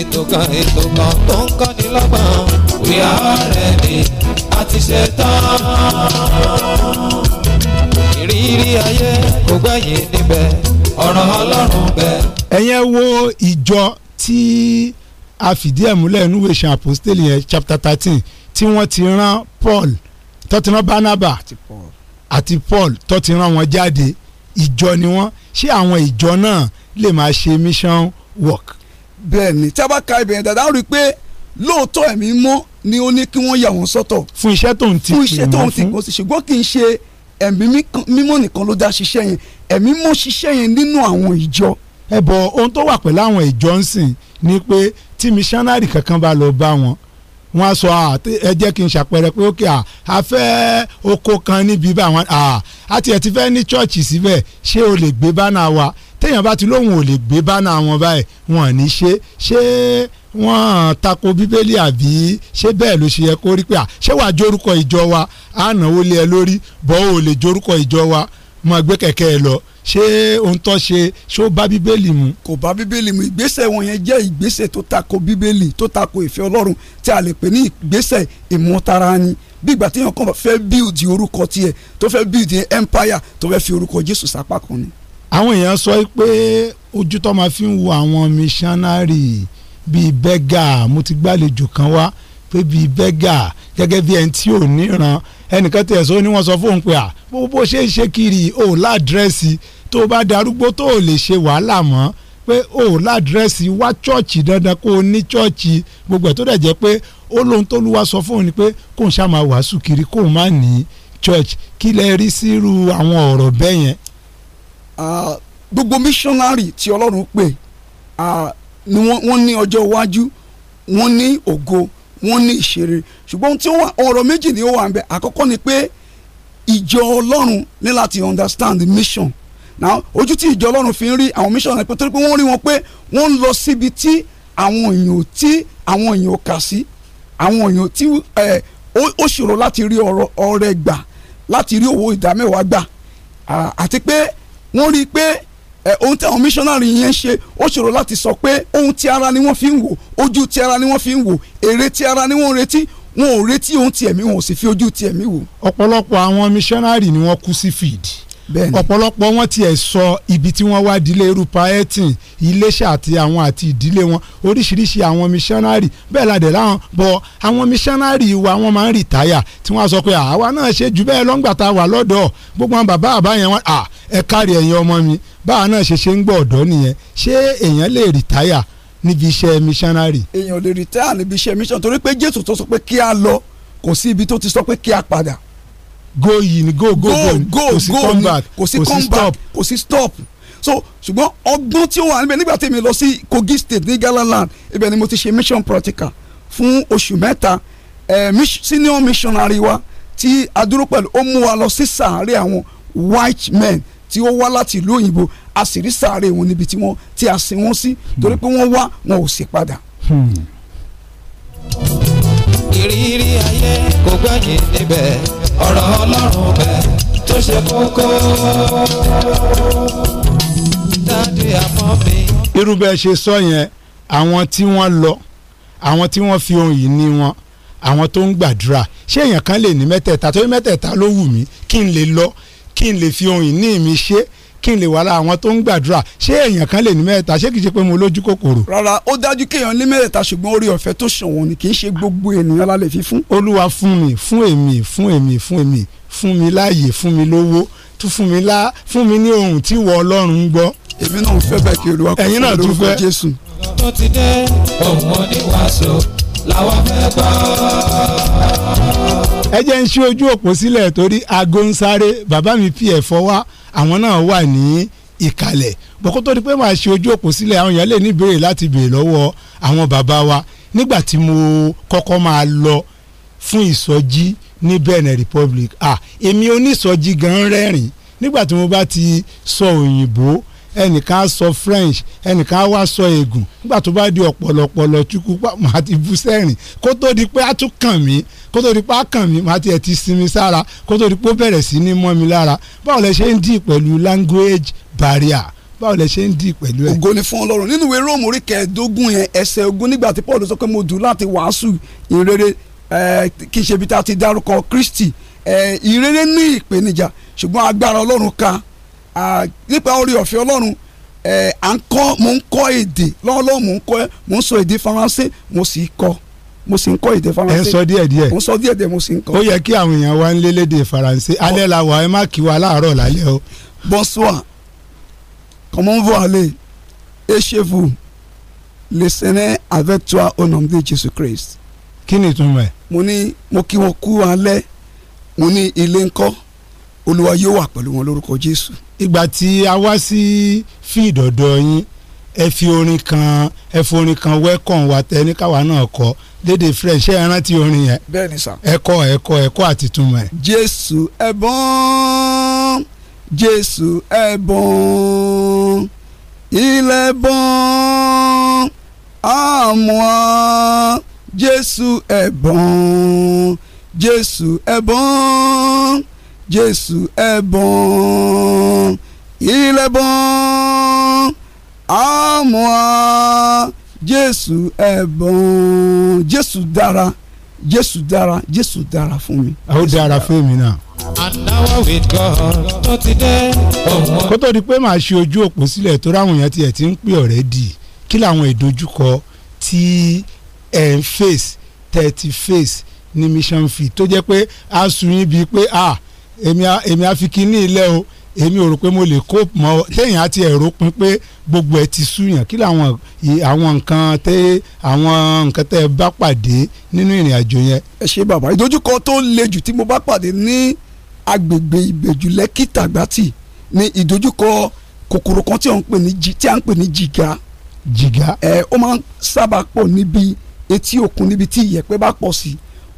Speaker 1: ètò kan ètò kan tó ń kọ́ni lọ́gbọ̀n we are ready a ti ṣe tán. ìrírí ayé kò gbẹ̀yìn níbẹ̀ ọ̀rọ̀ ọlọ́run bẹ̀.
Speaker 5: ẹ̀yẹ́ wo ìjọ tí. Ti a fìdí ẹ̀ múlẹ̀ nínú ìwé ìṣàn àpòstélì yẹn chapter thirteen tí wọ́n ti rán Paul tó ti Barnaba àti Paul tó ti rán wọn jáde ìjọ ni wọ́n ṣé àwọn ìjọ náà lè máa ṣe mission work. bẹ́ẹ̀ni tí a bá ka ibẹ̀ yẹn dáadáa rí i pé lóòótọ́ ẹ̀mí mọ́ ni ó ní kí wọ́n yà wọ́n sọ́tọ̀. fún iṣẹ́ tó ń ti kì í mọ́ fún iṣẹ́ tó ń ti kì í ṣùgbọ́n kì í ṣe ẹ̀mí mímọ́ nìkan ló dá ṣiṣẹ́ yẹn ẹ̀mí mọ́ ṣiṣẹ́ yẹn nínú àwọn ìjọ. ẹ bọ ohun tó wà pẹ̀lú àwọn ìjọ ń sìn ni pé tí missionary kankan bá lọ bá wọn wọ́n sọ ẹ jẹ́ kí n ṣàpẹẹrẹ pé ókè a oko kan níbi báwọn àti ẹ̀ ti fẹ́ ní chọ́ọ̀chì síbẹ̀ ṣé o lè gbé bánà wa téèyàn bá ti lóun ò lè gbé bánà wọn báyìí wọn ò ní ṣe ṣé wọ́n tako bíbélì àbí ṣé bẹ́ẹ̀ ló ṣe yẹ kó rí pé ṣé wàá jórúkọ ìjọ wa ànáwó lé ẹ lórí bọ́ ò lè jórúkọ ìjọ wa mọ̀ gbé kẹ̀kẹ́ ẹ lọ ṣé ohun tó ṣe ṣó bá bíbélì mu. kò bá bíbélì mu ìgbésẹ̀ wọn yẹn jẹ́ ìgbésẹ̀ tó tako bíbélì tó tako ìfẹ́ ọlọ́run tí a lè pè ní ìgbésẹ̀ ìmọ̀tara ni bí ìgbà téèyàn kàn fẹ́ build orúkọ tiẹ̀ tó fẹ́ build empire tó fẹ́ fi orúkọ jésù sápá kan ni. àwọn èèyàn sọ pé ojú tó máa fi ń wo àwọn missionary bíi bẹ́gà mo ti gbàlejò kan wá pé bíi bẹ́gà gẹ́gẹ́ bí ẹni tí ò níran ẹnìkan tẹ̀ ni wọ́n sọ fóun pé à bó ṣe ń ṣe kiri ò ládírẹ́sì tó o bá darúgbó tó o lè ṣe wàhálà mọ́ pé o ò ládírẹ́sì wá chọ́ọ̀chì dandan kó o ní chọ́ọ̀chì gbogbo ẹ̀ tó dẹ̀ jẹ́ pé ó lóhun tó lu wa sọ fún òun ni pé kó n ṣáà máa wàásù kiri kó o má ní church kí lẹ rí sírú àwọn ọ̀rọ̀ bẹ́ẹ̀ yẹn. gbogbo missionary tí ọlọ́run pè ni wọ́n ní ọjọ́ iwájú wọ́n ní ògo wọ́n ní ìṣeré ṣùgbọ́n tí ọ̀rọ̀ méjì ni ó wà ń bẹ àkọ́kọ́ ni pé ìjọ ọlọ́run ní láti understand the mission now ojú tí ìjọ ọlọ́run fi ń rí àwọn mission pé torí pé wọ́n rí wọn pé wọ́n ń lọ síbi tí àwọn èèyàn tí àwọn èèyàn ò kà sí àwọn èèyàn tí ó ṣòro láti rí ọrẹ gbà láti rí owó ìdámẹ́wàá gbà àti pé wọ́n rí i pé ohun tí àwọn missionary yẹn ṣe ó ṣòro láti sọ pé ohun ti ara ni wọ́n fi ń wò ojú ti ara ni wọ́n fi ń wò èrè ti ara ni wọ́n retí wọn ò retí ohun ti ẹ̀mí wọn ò sì fi ojú ti ẹ̀mí wò. ọ̀pọ̀lọpọ̀ àwọn missionary ni wọ́n kú sí fìdí ọ̀pọ̀lọpọ̀ wọn tiẹ̀ sọ ibi tí wọ́n wá dílé irú paetin iléṣà àti àwọn àti ìdílé wọn oríṣiríṣi àwọn missionary bẹ́ẹ̀ la dẹ̀ láwọn bọ̀ àwọn missionary wa wọ́n máa ń rìtáyà tí wọ́n sọ pé àwa náà ṣe jù bẹ́ẹ̀ lọ́ngbà tá a wà lọ́dọ̀ gbogbo àwọn bàbá àbá yẹn wọn à ẹ kárí ẹ̀yin ọmọ mi báwa náà ṣe ṣe ń gbọ́ ọ̀dọ́ nìyẹn ṣé èèyàn lè rìtáyà níbi iṣẹ́ missionary. èèyàn mission torí pé Jésù tó sọ pé kí a go yìí ni go go go go kò sí comeback kò sí comeback kò sí stop so ṣùgbọ́n ọgbọ́n tí ó wà níbẹ̀ nígbà tí mi lọ sí Kogi State ní Galaland ibẹ̀ ni mo ti ṣe mission practical fún oṣù mẹ́ta eh, senior missionary wa tí a dúró pẹ̀lú ó mú wa lọ sí sàárè àwọn white men tí ó wá láti ìlú òyìnbó a sì rí sàárè wọn níbi tí wọ́n ti àsìn wọn sí torí pé wọ́n wá wọn ò sì padà. Hmm. ìrírí ayé kò gbẹ̀yìn níbẹ̀
Speaker 1: ọ̀rọ̀ ọlọ́run bẹ̀ tó ṣe kókó. dáàdì àmọ́ mi.
Speaker 5: irú bẹ́ẹ̀ ṣe sọ yẹn àwọn tí wọ́n lọ àwọn tí wọ́n fi ohun yìí ní wọn àwọn tó ń gbàdúrà ṣé èèyàn kan lè ní mẹ́tẹ̀ẹ̀ta tó ní mẹ́tẹ̀ẹ̀ta ló wù mí kí n lè lọ kí n lè fi ohun ìní mi ṣe kí n lè wà lára àwọn tó ń gbàdúrà ṣé èèyàn kan lè ní mẹ́ta ṣé kìí ṣe pé mo lójú kòkòrò. rárá ó dájú kéèyàn ní mẹ́ta ṣùgbọ́n orí ọ̀fẹ́ tó ṣọ̀wọ́n ni kì í ṣe gbogbo ènìyàn la lè olúwa fún mi fún èmi fún èmi fún èmi fún mi láàyè fún mi lówó tún fún mi lá fún mi ní ohun tí wọ ọlọ́run gbọ́. èmi náà fẹ́ bẹ́ẹ̀ kí olúwa kọ́ fún jésù. ẹ jẹ́ ń ṣí ojú òpó sílẹ̀ torí aago ń sáré bàbá mi pf wá àwọn náà wà ní ìkàlẹ̀ bọ́kú tó di pé màá ṣe ojú òpó sílẹ̀ àwọn èèyàn lè ní ìbéèrè láti béèrè lọ́wọ́ àwọn bàbá wa nígbà tí mo kọ́kọ́ máa lọ fún ìsọjí ní Benin Republic ah èmi onísọjí gan rẹ́rìn nígbà tí mo bá ti sọ òyìnbó so ẹnìkan á sọ French ẹnìkan á wá sọ ègùn nígbà tó bá di ọ̀pọ̀lọpọ̀lọ chukwu màá ti bú sẹ́rìn kó tó di pé á tún kàn mí kó tó di pé á kàn mí màá tiẹ̀ ti sinmi sára kó tó di pé ó bẹ̀rẹ̀ sí ní mọ́ mi lára báwo lẹ ṣe ń dì pẹ̀lú language barrier báwo lẹ ṣe ń di pẹ̀lú ẹ. ògo ni fún ọlọ́run nínú ìwé róòmù orí kẹẹ̀ẹ́dógún yẹn ẹsẹ̀ ogún nígbà tí paul sọ pé mo dùn láti wàásù ìrere kì í ṣe ibi tá a ti dárúkọ kristi ìrere ní ìpèníjà ṣùgbọ́n agbára ọlọ́run kan nípa orí ọ̀fẹ́ ọlọ́run à ń kọ́ mò ń kọ́ èdè lọ́wọ́lọ́wọ́ mò ń kọ́ mò ń sọ èdè faransé mo sì kọ́ mo sì ń kọ́ èdè faransé. ẹ sọ díẹ̀ díẹ̀ mo sọ díẹ̀ díẹ̀ mo sì ń kọ́. ó yẹ kí àwọn èèyàn wa ń lélédè faransé alẹ́ la wà ẹ má kí wa láàárọ̀ lálẹ́ o. bonsoir comment vous allez et chez vous le seigneur avec toi au nom de Jésus Christ. kí ni ìtumọ̀ ẹ̀. mo ní mo kí wọn kú alẹ́ mo ní ilé ńkọ́ olúwa yóò wà pẹ̀lú wọn lórúkọ Jésù ìgbà tí a wá sí fíìd ọ̀dọ̀ yín ẹ fi orin kan ẹ fi orin kan welcome wa tẹ ní káwa náà kọ lédè french ẹ rántí orin yẹn. bẹ́ẹ̀ni sà. ẹ kọ ẹ kọ ẹ kọ àti túmọ̀ ẹ. jésù ẹ̀bùn jésù ẹ̀bùn ilẹ̀ bùn àmọ́ jésù ẹ̀bùn jésù ẹ̀bùn jésù ẹ̀bùn ìlẹ̀bùn àmọ́ jésù ẹ̀bùn jésù dára jésù dára jésù dára fún mi. ó dára fún mi náà kó tó di pé màá ṣe ojú òpó sílẹ̀ tó ráwọn èèyàn tiẹ̀ ti ń pè ọ̀rẹ́ di kí làwọn ìdojúkọ tí ẹ̀ ń face thirty face ní mission field tó jẹ́ pé a sùn yín bíi pé a. Ah, èmi àfi kínní ilẹ̀ o èmi ò rò pé mo lè kó mọ téèyàn àti ẹ̀rọ pin pé gbogbo ẹ̀ ti súyàn kí làwọn àwọn nǹkan tẹ àwọn nǹkan tẹ bá pàdé nínú ìrìn àjò yẹn. ẹ ṣe bàbá ìdojúkọ tó le jù tí mo bá pàdé ní agbègbè ìbèjú lẹ́kì tàgbàtì ní ìdojúkọ kòkòrò kan tí a ń pè ní tí a ń pè ní jìgá. jìgá. ẹ ó máa ń sábà pọ̀ níbi etí òkun níbi tí ìyẹ̀pẹ̀ bá pọ̀ sí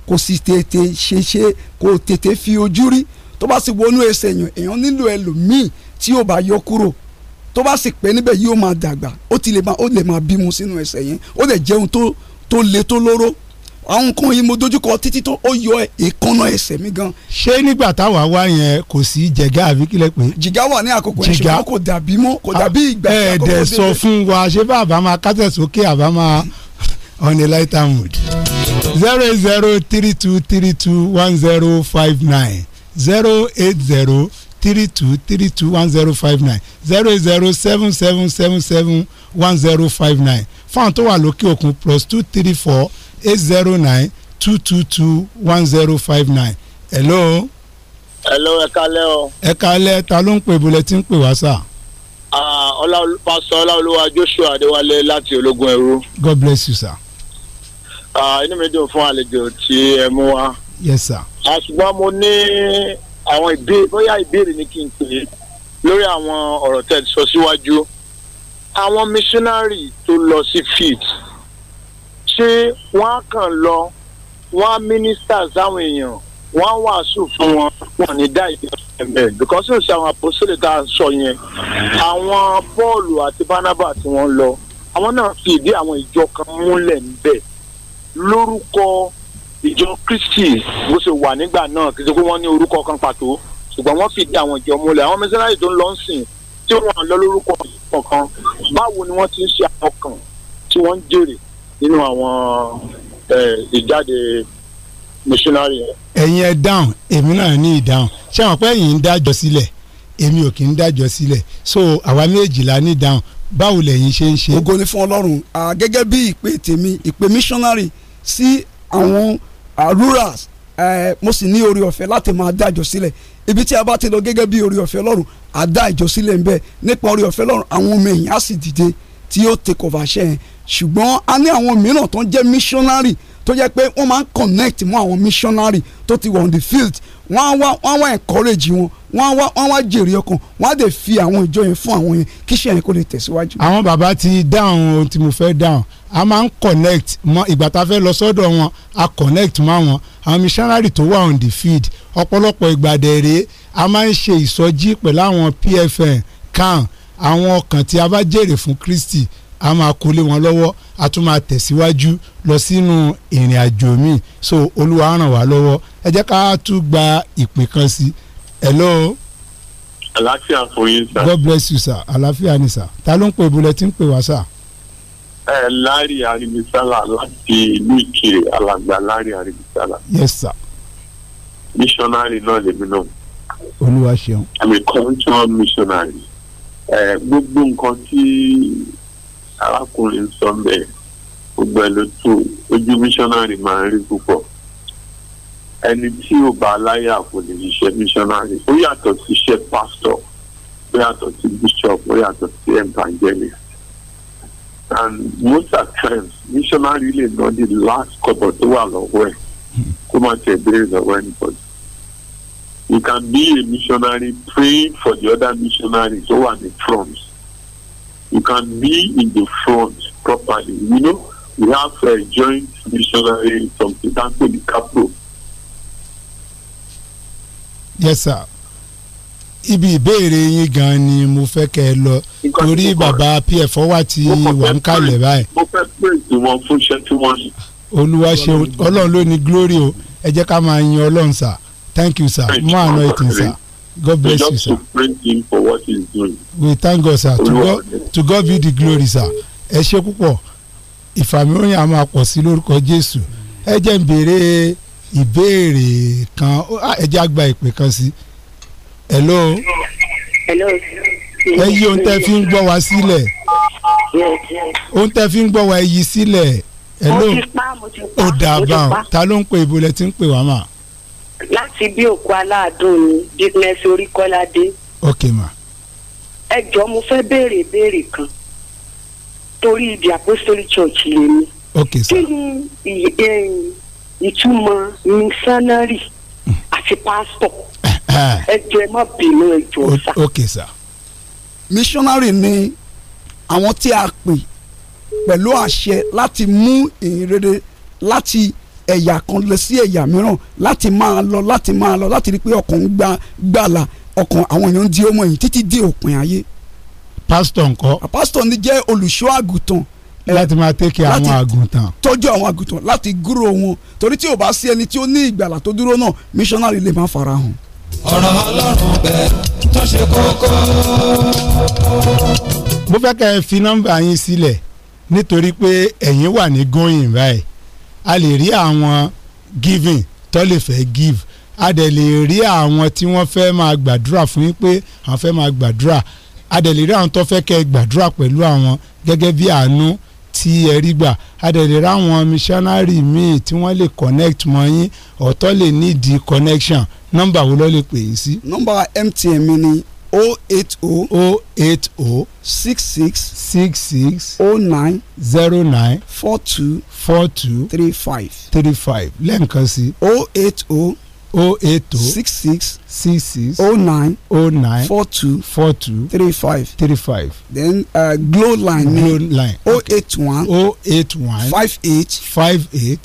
Speaker 5: kò sì tètè ṣeṣe kò tètè fi ojú rí tó bá sì wọnú ẹsẹ̀ èèyàn èèyàn nílò ẹlòmíì tí yóò bá yọ kúrò tó bá sì pẹ́ níbẹ̀ yóò máa dàgbà ó ti lè máa ó lè máa bímọ sínú ẹsẹ̀ yẹn ó lè jẹun tó tó le tó lóró àwọn nǹkan yìí mo dojúkọ títí tó ó yọ èékánná ẹsẹ̀ mi gan. ṣé nígbà táwa wá yẹn kò sí jẹgá àbí kílẹ̀ pé. jìgá wà ní àkókò yẹn ṣùgbọ́n kò dàbí mọ́ kò dàbí ìgbà tí àkókò dé. ẹ̀ẹ́dẹ̀ sọ fún wa ṣé bàbá máa kásẹ̀ sókè àbá máa on a lighter mood zero zero three two three two one zero five nine zero eight zero three two three two one zero five nine zero eight zero seven seven seven seven one zero five nine fáwọn tó wà lókè òkun plus two three four eight zero nine two two two one zero five nine. hello. hello ẹ kálẹ́ o. ẹ kálẹ́ ta ló ń pè bọ́lẹ̀ tí ń pè wá sà.
Speaker 3: pásítọ̀ ọláolúwa joshua adéwálé láti ológun ẹrú.
Speaker 5: god bless you sir.
Speaker 3: inú mi dùn fún àlejò tí ẹ mú wá. yes sir àṣùgbọ́n ah, mo ní àwọn ìbéèrè bóyá ìbéèrè ni kí n pè é lórí àwọn ọ̀rọ̀ tẹ̀ sọ síwájú àwọn missionary tó lọ sí field ṣé wọ́n á kàn lọ wọ́n á minister sáwọn èèyàn wọ́n á wàásù fún wọn wọn ní dá ìdí ẹ̀mẹ́ because ní sàwọn àpòsílẹ̀ tá a sọ yẹn àwọn Pọ́ọ̀lù àti Bánábà tí wọ́n lọ àwọn náà fi ìdí àwọn ìjọ kan múlẹ̀ níbẹ̀ lórúkọ ìjọ kristi bó ṣe wà nígbà náà kì í ṣe pé wọ́n ní orúkọ kan pàtó ṣùgbọ́n wọ́n fìdí àwọn ìjọ múlẹ̀ àwọn mẹsàlàyé tó ń lọ sìn tí wọ́n lọ lórúkọ kankan báwo ni wọ́n ti ń ṣe ọkàn tí wọ́n ń jèrè nínú àwọn ìjáde missionary yẹn.
Speaker 5: ẹ̀yin ẹ dáhùn èmi náà ní ìdáhùn ṣé àwọn pẹ́ yìí ń dájọ́ sílẹ̀ èmi ò kì í dájọ́ sílẹ̀ so àwa méjìlá ní ìdáhùn báwo lẹ̀yin ṣe ń ṣe. ògo ni fún ọlọ́run gẹ́gẹ́ bí ìpè tèmi ìpè missionary sí àwọn rurals eh, mo sì ní orí ọ̀fẹ́ láti máa dá ìjọ sílẹ̀ ibi tí a bá ti lọ gẹ́gẹ́ bí orí ọ̀fẹ́ Ọlọ́run a dá ìjọ sílẹ̀ ń bẹ nípa orí ọ̀fẹ́ Ọlọ́run àwọn ọmọ èèyàn á sì dìde tí yóò take over ṣẹ́ yẹn ṣùgbọ́n a ní àwọn mìíràn tó ń jẹ́ missionary tó jẹ́ pé wọ́n máa ń connect mọ́ àwọn missionary tó ti wà on the field wọ́n á wá wọ́n á wá encourage wọn wọ́n á wá wọ́n á wá jèrè ọkàn wọ́n á dẹ̀ fi àwọn ìjọ yẹn fún àwọn yẹn kí ṣe yẹn kó lè tẹ̀síwájú. àwọn bàbá ti dáhùn ohun tí mo fẹ́ dáhùn a máa ń connect mọ ìgbà tá a fẹ́ lọ sọ́dọ̀ wọn a connect mọ́ àwọn àwọn missionary tó wà on the field ọ̀pọ̀lọpọ̀ ìgbà dẹ̀rẹ̀ a máa ń ṣe ìsọjí pẹ̀lú àwọn PFN CAN àwọn ọkàn tí a bá jèrè fún Kristi a máa kó lé wọn lọ́wọ́ a tún máa tẹ̀síwájú lọ sínú ìrìn àjò míì so Olúwa ràn wá lọ́wọ́ ẹ jẹ́ ká tún gba ìpè kan sí hello.
Speaker 3: àlàáfíà fún yín sir. God
Speaker 5: bless you sir àlàáfíà ni sir ta ló ń pè bulletin pè wá sir
Speaker 3: ẹ Lárí Arìbísálà láti ìlú Ìkirè alàgbà Lárí Arìbísálà. yes sir. missionary náà lèmi náà. olúwa ṣeun. i'm a cultural missionary. ẹ gbogbo nǹkan tí arákùnrin sọ bẹ́ẹ̀ gbogbo ẹ ló tó ojú missionary máa ń rí púpọ̀ ẹni tí ò bá aláya kò lè ṣiṣẹ́ missionary ó yàtọ̀ sí iṣẹ́ pastor ó yàtọ̀ sí bishop ó yàtọ̀ sí evangelist and most at times missionary really know the last couple of wà lọ́wọ́ ẹ̀ much má tẹ̀ béèrè lọ́wọ́ anybody you can be a missionary praying for the other missionaries who are in the front you can be in the front properly you know we have a joint missionary from that's the Capo.
Speaker 5: yes sir. ibi ìbéèrè yín gan ni mo fẹ́ kẹ́ ẹ lọ torí bàbá pf wà tí wà ń kalẹ̀ báyìí. mo
Speaker 3: fẹ́ pé ìwọ̀n fún iṣẹ́ tí wọ́n ṣe.
Speaker 5: olúwa ṣe ọlọ́run ló ní glory o ẹ jẹ́ ká máa yin ọlọ́run sir thank you sir mo àná ìtàn sir god bless you sir. we thank God sir to God, to God be the glory sir ẹ ṣe púpọ̀ ìfàmì oyin a máa pọ̀ sí lórúkọ jésù ẹ jẹ́ ń béèrè ìbéèrè kan ah, ẹ jẹ́ àgbà ìpè kan sí i hello. hello. ẹ yí ohun tẹ́ fi ń gbọ́ wa sílẹ̀. ohun tẹ́ fi ń gbọ́ wa ẹ yí sílẹ̀. hello. mo ti
Speaker 3: pa mo ti pa. ó dà bá ọ
Speaker 5: ta ló ń pe ibo lẹ ti ń pè wá mà.
Speaker 3: láti bí òkú aláàdùn ni business orí ok ma. ẹ jọ mo fẹ́ béèrè béèrè kan torí the apostolic church yìí ni. ok sir. kí ni eh, ìtumọ̀ missionary
Speaker 5: hmm. àti pastor ẹ jẹ má bínú ẹ jọ sá. ok sir. missionary ni àwọn tí a pè pẹ̀lú àṣẹ láti mú ìrere láti ẹ̀yà kan lọ sí ẹ̀yà mìíràn láti máa lọ láti máa lọ láti rí i pé ọkàn ń gba gbàlà ọkàn àwọn èèyàn ń di ọmọ yìí títí di òpin ayé. pásítọ̀ ńkọ́. pásítọ̀ ni jẹ́ olùṣọ́ àgùntàn láti máa tẹ́kẹ̀ àwọn àgùntàn. tọ́jú àwọn àgùntàn láti gúrò wọn torí tí ò bá sí ẹni tí ó ní ìgbàlà tó dúró náà missionary lè máa fara hàn ọ̀rọ̀ ọlọ́run bẹ́ẹ̀ tó ṣe kókó. mo fẹ́ kẹ́ ẹ fi nọ́mbà yín sílẹ̀ nítorí pé ẹ̀yin wà ní góyìn báyìí a lè rí àwọn giving tó lè fẹ́ give a dẹ̀ lè rí àwọn tí wọ́n fẹ́ máa gbàdúrà fún yín pé àwọn fẹ́ máa gbàdúrà a dẹ̀ lè rí àwọn tó fẹ́ kẹ́ ẹ gbàdúrà pẹ̀lú àwọn gẹ́gẹ́ bí àánú tí ẹ rí gbà adẹ̀lẹ̀ ráwọn missionary míì tí wọ́n lè connect mọ́ yín ọ̀tọ̀ lè nídìí connection nọ́mbà wo ló lè pè yín sí. nọ́mbà MTN mi ni o eight o. o eight o. six six. Oh oh six six. o oh nine. zero nine. four two. four two. three five. three five lẹ́ǹkan sí. o eight o. 080 66 66 then uh, glow line glow line 081 081 58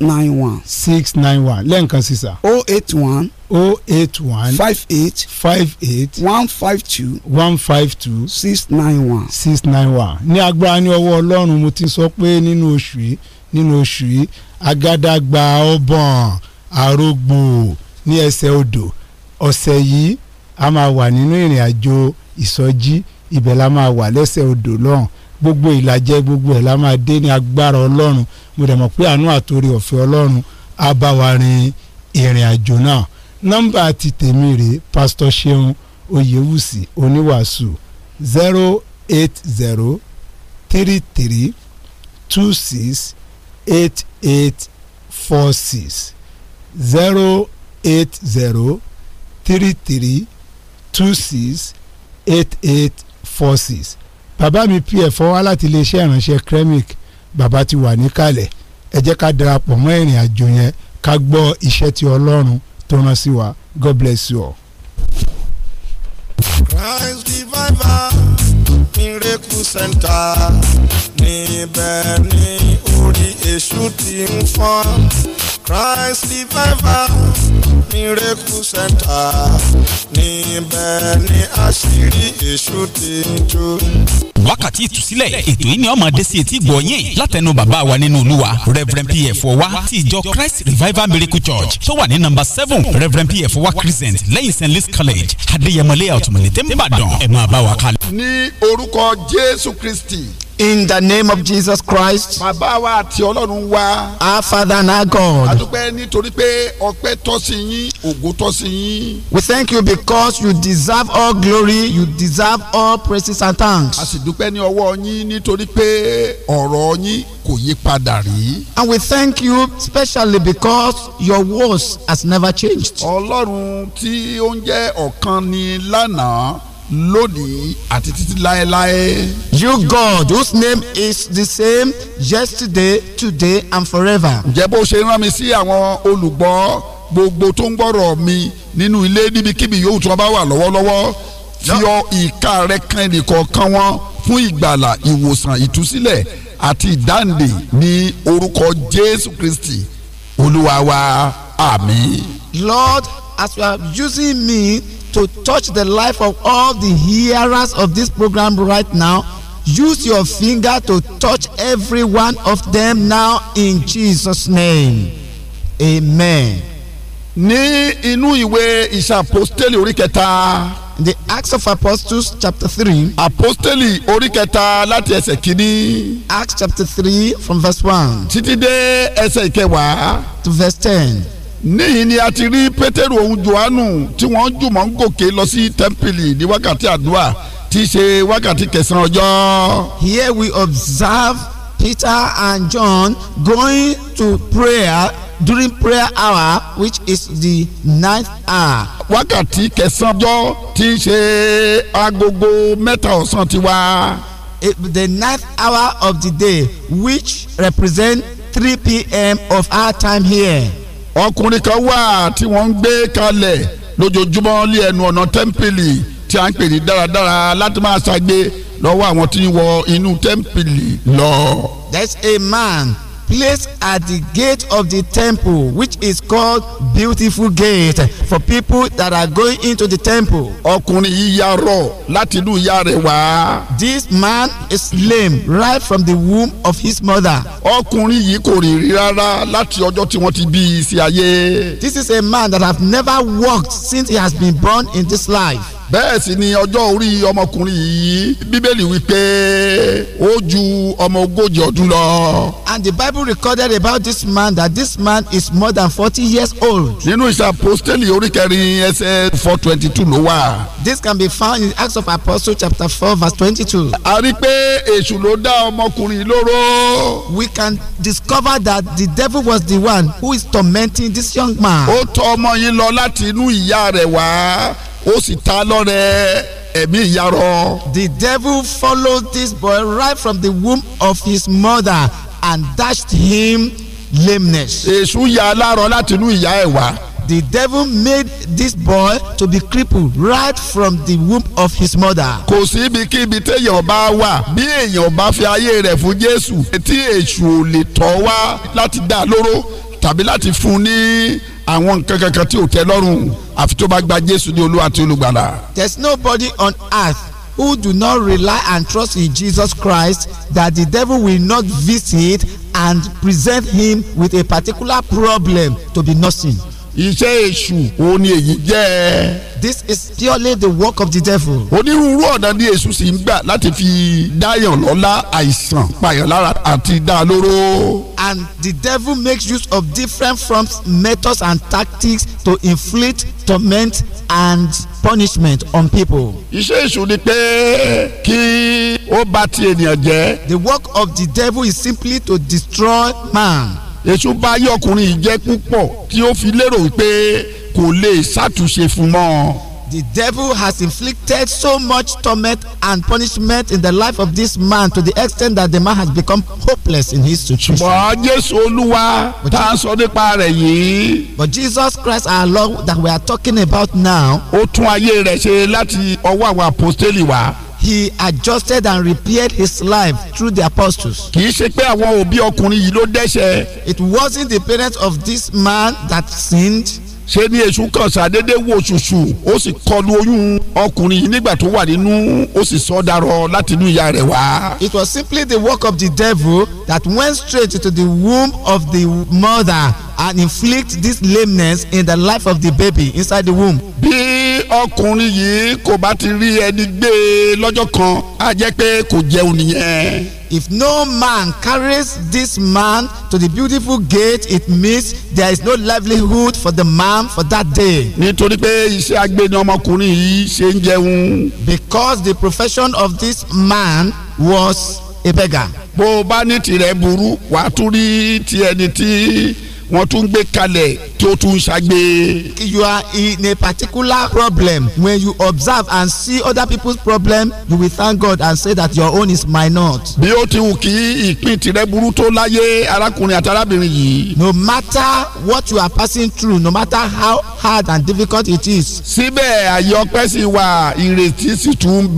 Speaker 5: nine one six nine one lẹ́ǹkan sísà. o oh eight one o oh eight one five eight five eight one five two one five two six nine one six nine one. ní agbára ní ọwọ́ ọlọ́run mo ti sọ pé nínú oṣù yìí nínú oṣù yìí agádàgbà ọbọ̀n àrògbò ní ẹsẹ̀ odò ọ̀sẹ̀ yìí a máa wà nínú ìrìn àjò ìsọjí ibẹ̀ la máa wà lẹ́sẹ̀ odò lọ́hùn gbogbo ìlàjẹ gbogbo ẹ̀ la máa dé ní agbára ọlọ́run mo dẹ̀ mọ̀ pé àánú àtòrí ọ̀fẹ́ ọlọ́run á bá wa rin ìrìn àjò náà nọ́mbà ti tèmi rèé pásítọ̀ ṣeun oyewusi oníwàásù zero eight zero three three two six eight eight four six zero eight zero three three two six eight eight four six bàbá mi pf wá láti iléeṣẹ́ ìránṣẹ́ kremik bàbá ti wà níkàlẹ̀ ẹ jẹ́ ká darapọ̀ mọ́ ìrìn àjò yẹn ká gbọ́ iṣẹ́ ti ọlọ́run tó rán sí wa god bless you all.
Speaker 6: Christ revival miracle center
Speaker 5: níbẹ̀ ni orí èṣù ti ń fọ́n. Christ Revivals Miracle Center níbẹ̀ ni àṣírí èṣù ti ń jó.
Speaker 4: wákàtí ìtúsílẹ̀ ètò yìí ni ọmọ adé sí etí gbọ̀nyìn látẹnu bàbá wa nínú olúwa Reverend P.F. Ọwá ti ìjọ Christ Revival Miracle Church tó wà ní nọ́mbà seven Reverend P.F. Ọwá Crescent lẹ́yìn St. Louis College Adéyẹmọlẹ́yà Ọ̀túnmọ̀lẹ́tẹ̀ ń bàdàn ẹ̀ máa bá wa kalẹ̀. ní orúkọ Jésù Kristi
Speaker 5: In the name of Jesus Christ. Bàbá wa àti Ọlọ́run wa. Our Father and our God. A nítorí pé ọpẹ́ tọ́ sí yín, ògo tọ́ sí yín. We thank you because you deserve all glory, you deserve all praises and thanks. A sì dúpẹ́ ní ọwọ́ yín nítorí pé ọ̀rọ̀ yín kò yí padà rí. And we thank you especially because your words has never changed. Ọlọ́run tí ó ń jẹ́ ọ̀kan ni lánàá lónìí àti títí láéláé. you God whose name is the same yesterday today and forever. ǹjẹ́ bó ṣe rán mi sí àwọn olùgbọ́ gbogbo tó ń gbọ́rọ̀ mi nínú ilé níbikíbi yòówù tí bá wà lọ́wọ́lọ́wọ́ fi ọ ìka rẹ kan ẹnìkọ̀ọ̀kan wọn fún ìgbàlà ìwòsàn ìtúsílẹ̀ àti ìdáǹdè ní orúkọ Jésù Kristi olúwa
Speaker 4: wa àmín.
Speaker 5: Lord as you are using me to touch
Speaker 2: the life of all the hearers of this program right now. Use your finger to touch every one of them now in Jesus' name.
Speaker 5: Amen. Ní inú ìwé ìṣàpọ́stélì orí kẹta. The Acts of Apostles chapter three. Apostoli orí kẹta láti ẹsẹ̀ kìíní. Acts chapter three from verse one. Títí dé ẹsẹ̀ ìkẹwàá. To verse ten níyìn ni a ti rí pétérù òun johannu tí wọ́n jùmọ̀ ń gòkè lọ sí tẹ́ḿpìlì ní wákàtí àdúrà tí í ṣe wákàtí kẹsàn-án ọjọ́. Here we observe Peter and John going to prayer during prayer hour which is the ninth hour. wákàtí kẹsàn-án ọjọ́ tí í ṣe agogo mẹ́ta ọ̀sán ti wá. The ninth hour of the day which represent 3 p.m. of our time here ọkùnrin kan wà tí wọ́n ń gbé kalẹ̀ lójoojúmọ́ lé ẹnu ọ̀nà tẹ́ḿpìlì tí a ń pè ní dáradára láti máa ṣàgbé lọ́wọ́ àwọn tí ń wọ inú tẹ́ḿpìlì lọ. There's a man placed at the gate of the temple which is called beautiful gate for people that are going into the temple. ọkùnrin yìí ya rọ láti inú ìyá rẹ̀ wá. this man is lame right from the womb of his mother. ọkùnrin yìí kò rìn rí rárá láti ọjọ́ tí wọ́n ti bí i sí ayé. this is a man that have never walked since he has been born in this life bẹ́ẹ̀ sì ni ọjọ́ orí ọmọkùnrin yìí bíbélì wípé ó ju ọmọ ogójì ọdún lọ. and the bible recorded about this man that this man is more than forty years old. nínú ìṣàpòstélì oríkẹrin ẹsẹ̀ four twenty two ló wà. this can be found in acts of apostles chapter four verse twenty two. a rí i pé èṣù ló dá ọmọkùnrin lóró. we can discover that the devil was the one who is tormenting this young man. ó tọ ọmọ yìí lọ láti inú ìyá rẹ̀ wá ó sì ta lọ́rẹ ẹ̀mí ìyarọ. The devil followed this boy right from the womb of his mother and dashed him lameness. èṣù ya alárọ láti inú ìyá ẹ̀ wá. The devil made this boy to be crippled right from the womb of his mother. Kò sí ibikíbi téèyàn bá wà bí èèyàn bá fi ayé rẹ̀ fún Jésù tí èṣù ò lè tọ́ wá láti dá lóró tàbí láti fún un ní àwọn nǹkan kankan tí ò tẹ́ lọ́rùn àfi tó bá gba Jésù ní Olúwa àti olùgbàlà. there is nobody on earth who do not rely and trust in Jesus Christ that the devil will not visit and present him with a particular problem to be nursing iṣẹ́ èṣù òun ni èyí jẹ́. this is purely the work of the devil. onírúurú ọ̀nà ni èṣù sì ń gbà láti fi dáyàn lọ́lá àìsàn pààyàn lára àti dá lóró. and the devil makes use of different forms methods and tactics to inflict torment and punishment
Speaker 4: on people.
Speaker 5: iṣẹ́ èṣù ni pé kí ó bà ti ènìyàn jẹ́. the work of the devil is simply to destroy man èṣù bá yí ọkùnrin yìí jẹ́ púpọ̀ tí ó fi lérò pé kò lè ṣàtúnṣe fún mọ́. The devil has inflicted so much torment and punishment in the life of this man to the extent that the man has become hopeless in his situation. ṣùgbọ́n Jésù Olúwa tá a sọ nípa rẹ̀ yìí. But Jesus Christ our Lord that we are talking about now. Ó tún ayé rẹ̀ ṣe láti ọwọ́ àwọn àpọ́stélì wá he adjusted and repaired his life through the apostles. kì í ṣe pé àwọn òbí ọkùnrin yìí ló dẹ́ṣẹ̀. it wasn't the parents of this man that sinned. ṣé ní èṣù kan ṣàdédé wo ṣùṣù ó sì kọlu oyún ọkùnrin yìí nígbà tó wà nínú ó sì sọ darọ láti inú ìyá rẹ̀ wá. it was simply the work of the devil that went straight to the womb of the mother and inflict this lameness in the life of the baby inside the womb. bí ọkùnrin yìí kò bá ti rí ẹni gbé e lọ́jọ́ kan á jẹ́ pé kò jẹun nìyẹn. If no man carries this man to the beautiful gate, it means there is no livelihood for the man for that day. Nítorí pé iṣẹ́ àgbẹ̀ ọmọkùnrin yìí ṣe ń jẹun. Because the profession of this man was a beggar. Bó o bá ní tirẹ̀ burú, wàá tún rí ti tí wọ́n tún gbé kalẹ̀ tí ó tún ṣàgbé. you are in a particular problem when you observe and see other people's problem you will thank God and say that your own is minor. bí ó ti wù kí ìpín tirẹ̀ burú tó láyé arákùnrin àti arábìnrin yìí. no matter what you are passing through no matter how hard and difficult it is. síbẹ̀ àyè sì wà ìrètí sì tún ń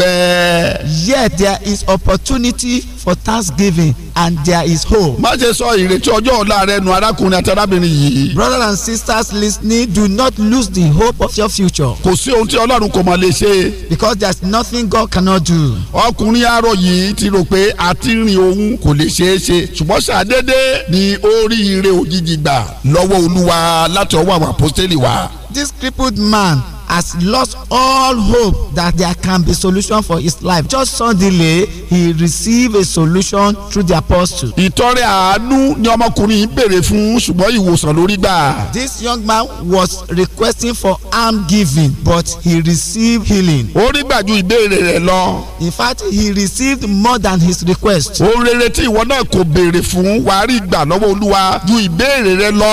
Speaker 5: yet there is opportunity for thanksgiving and there is hope. má ṣe sọ ìrètí ọjọ́ ọ̀la rẹ nù arákùnrin àti arábìnrin yìí. brothers and sisters listening do not lose the hope of your future. kò sí ohun tí ọlọ́run kò mà lè ṣe. because there is nothing God cannot do. ọkùnrin arọ yìí ti rò pé àtìrìn òun kò lè ṣeé ṣe ṣùgbọ́n ṣàdédé ni ó rí ire òjijì gbà lọ́wọ́ olúwa láti ọwọ́ àwọn àpọ́stélì wa.
Speaker 2: this crippled man has lost all hope that there can be solution for his life. Just suddenly he received a solution
Speaker 5: through the apostle. Ìtọrẹ àánú ni ọmọkùnrin yìí béèrè fún ṣùgbọ́n ìwòsàn lórí gbà. This young man was requesting for arm giving but he received healing. Ó rí gbà ìbéèrè rẹ̀ lọ. In fact he received more than his request. Ohun rere tí ìwọ náà kò béèrè fún wàá rí gbà lọ́wọ́ Olúwa ju ìbéèrè rẹ lọ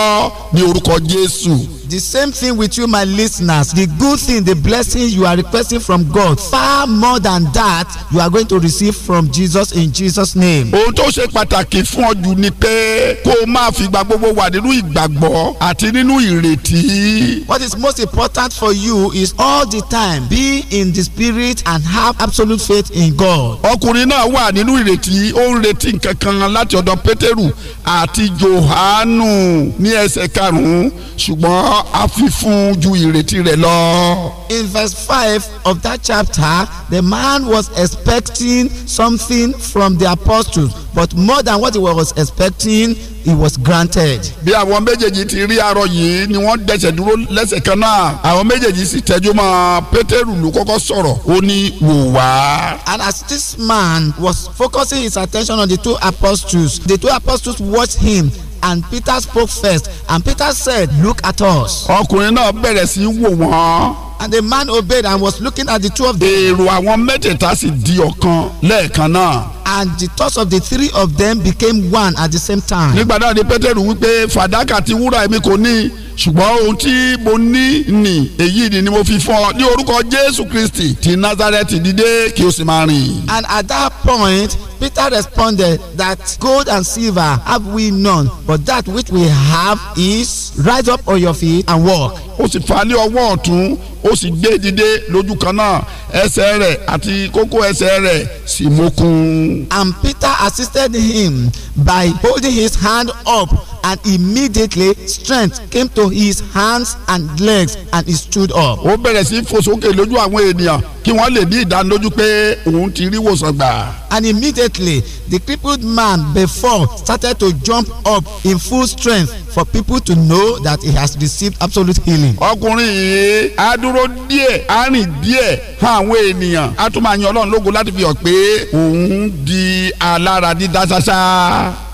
Speaker 5: ní orúkọ Jésù. the same thing with you my listeners the good thing the blessing you are requesting from God far more than that you are going to receive from Jesus in Jesus name. ohun tó ṣe pàtàkì fún ọ jù ni pé kó ni pe ko o maa fi gbogbo wà nínú ìgbàgbọ́ àti nínú ìrètí. what is most important for you is all the time be in the spirit and have absolute faith in God. ọkùnrin náà wà nínú ìrètí ó ń retí nǹkan kan láti ọ̀dọ̀ pétérù àti johanu ní ẹsẹ̀ karùn-ún ṣùgbọ́n wa ju ìrètí rẹ̀ lọ. in verse five of that chapter the man was expecting something from the apostles but more than what he was expecting it was granted. bí àwọn méjèèjì ti rí arọ yìí ni wọ́n dẹ̀sẹ̀ dúró lẹ́sẹ̀ kan náà àwọn méjèèjì sì tẹ́jú mọ́ pétérù ló kọ́kọ́ sọ̀rọ̀ ó ní wò wá. and as this man was focusing his attention on the two apostles the two apostles watched him and Peter spoke first and Peter said look at us. ọkùnrin náà bẹ̀rẹ̀ sí wò wọ́n. and the man obeyed and was looking at the two of them. èrò àwọn mẹ́tẹ̀ẹ̀ta sì di ọ̀kan lẹ́ẹ̀kan náà and the thoughts of the three of them became one at the same time. nígbà náà ni pétérù wípé fàdákà àti wúrà èmi kò ní ṣùgbọ́n ohun tí mo ní nì èyí ni mo fi fún ní orúkọ jésù kristi ti nazareti dìde kí o sì máa rìn. and at that point Peter responded that gold and silver have we none but that which we have is rise up on your feet and walk. ó sì fà ọwọ́ ọ̀tún ó sì gbé e dìde lójú kan náà ẹsẹ̀ rẹ̀ àti kókó ẹsẹ̀ rẹ̀ sì mókun and Peter assisted him by holding his hand up and immediately strength came to his hands and legs and he stood up. ó bẹ̀rẹ̀ sí í lójú àwọn ènìyàn kí wọ́n lè ní ìdánilójú pé òun ti rí wòsàn gbà and immediately the crippled man before started to jump up in full strength for people to know that he has received absolute healing. ọkùnrin yìí á dúró díẹ̀ á rìn díẹ̀ fún àwọn ènìyàn á tún máa yan ọlọ́run lógo láti fi hàn pé òun di alára dídá ṣáṣá.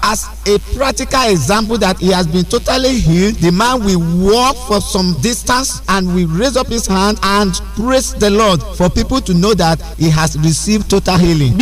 Speaker 5: as a practical example that he has been totally healed the man will walk for some distance and will raise up his hand and praise the lord for people to know that he has received total healing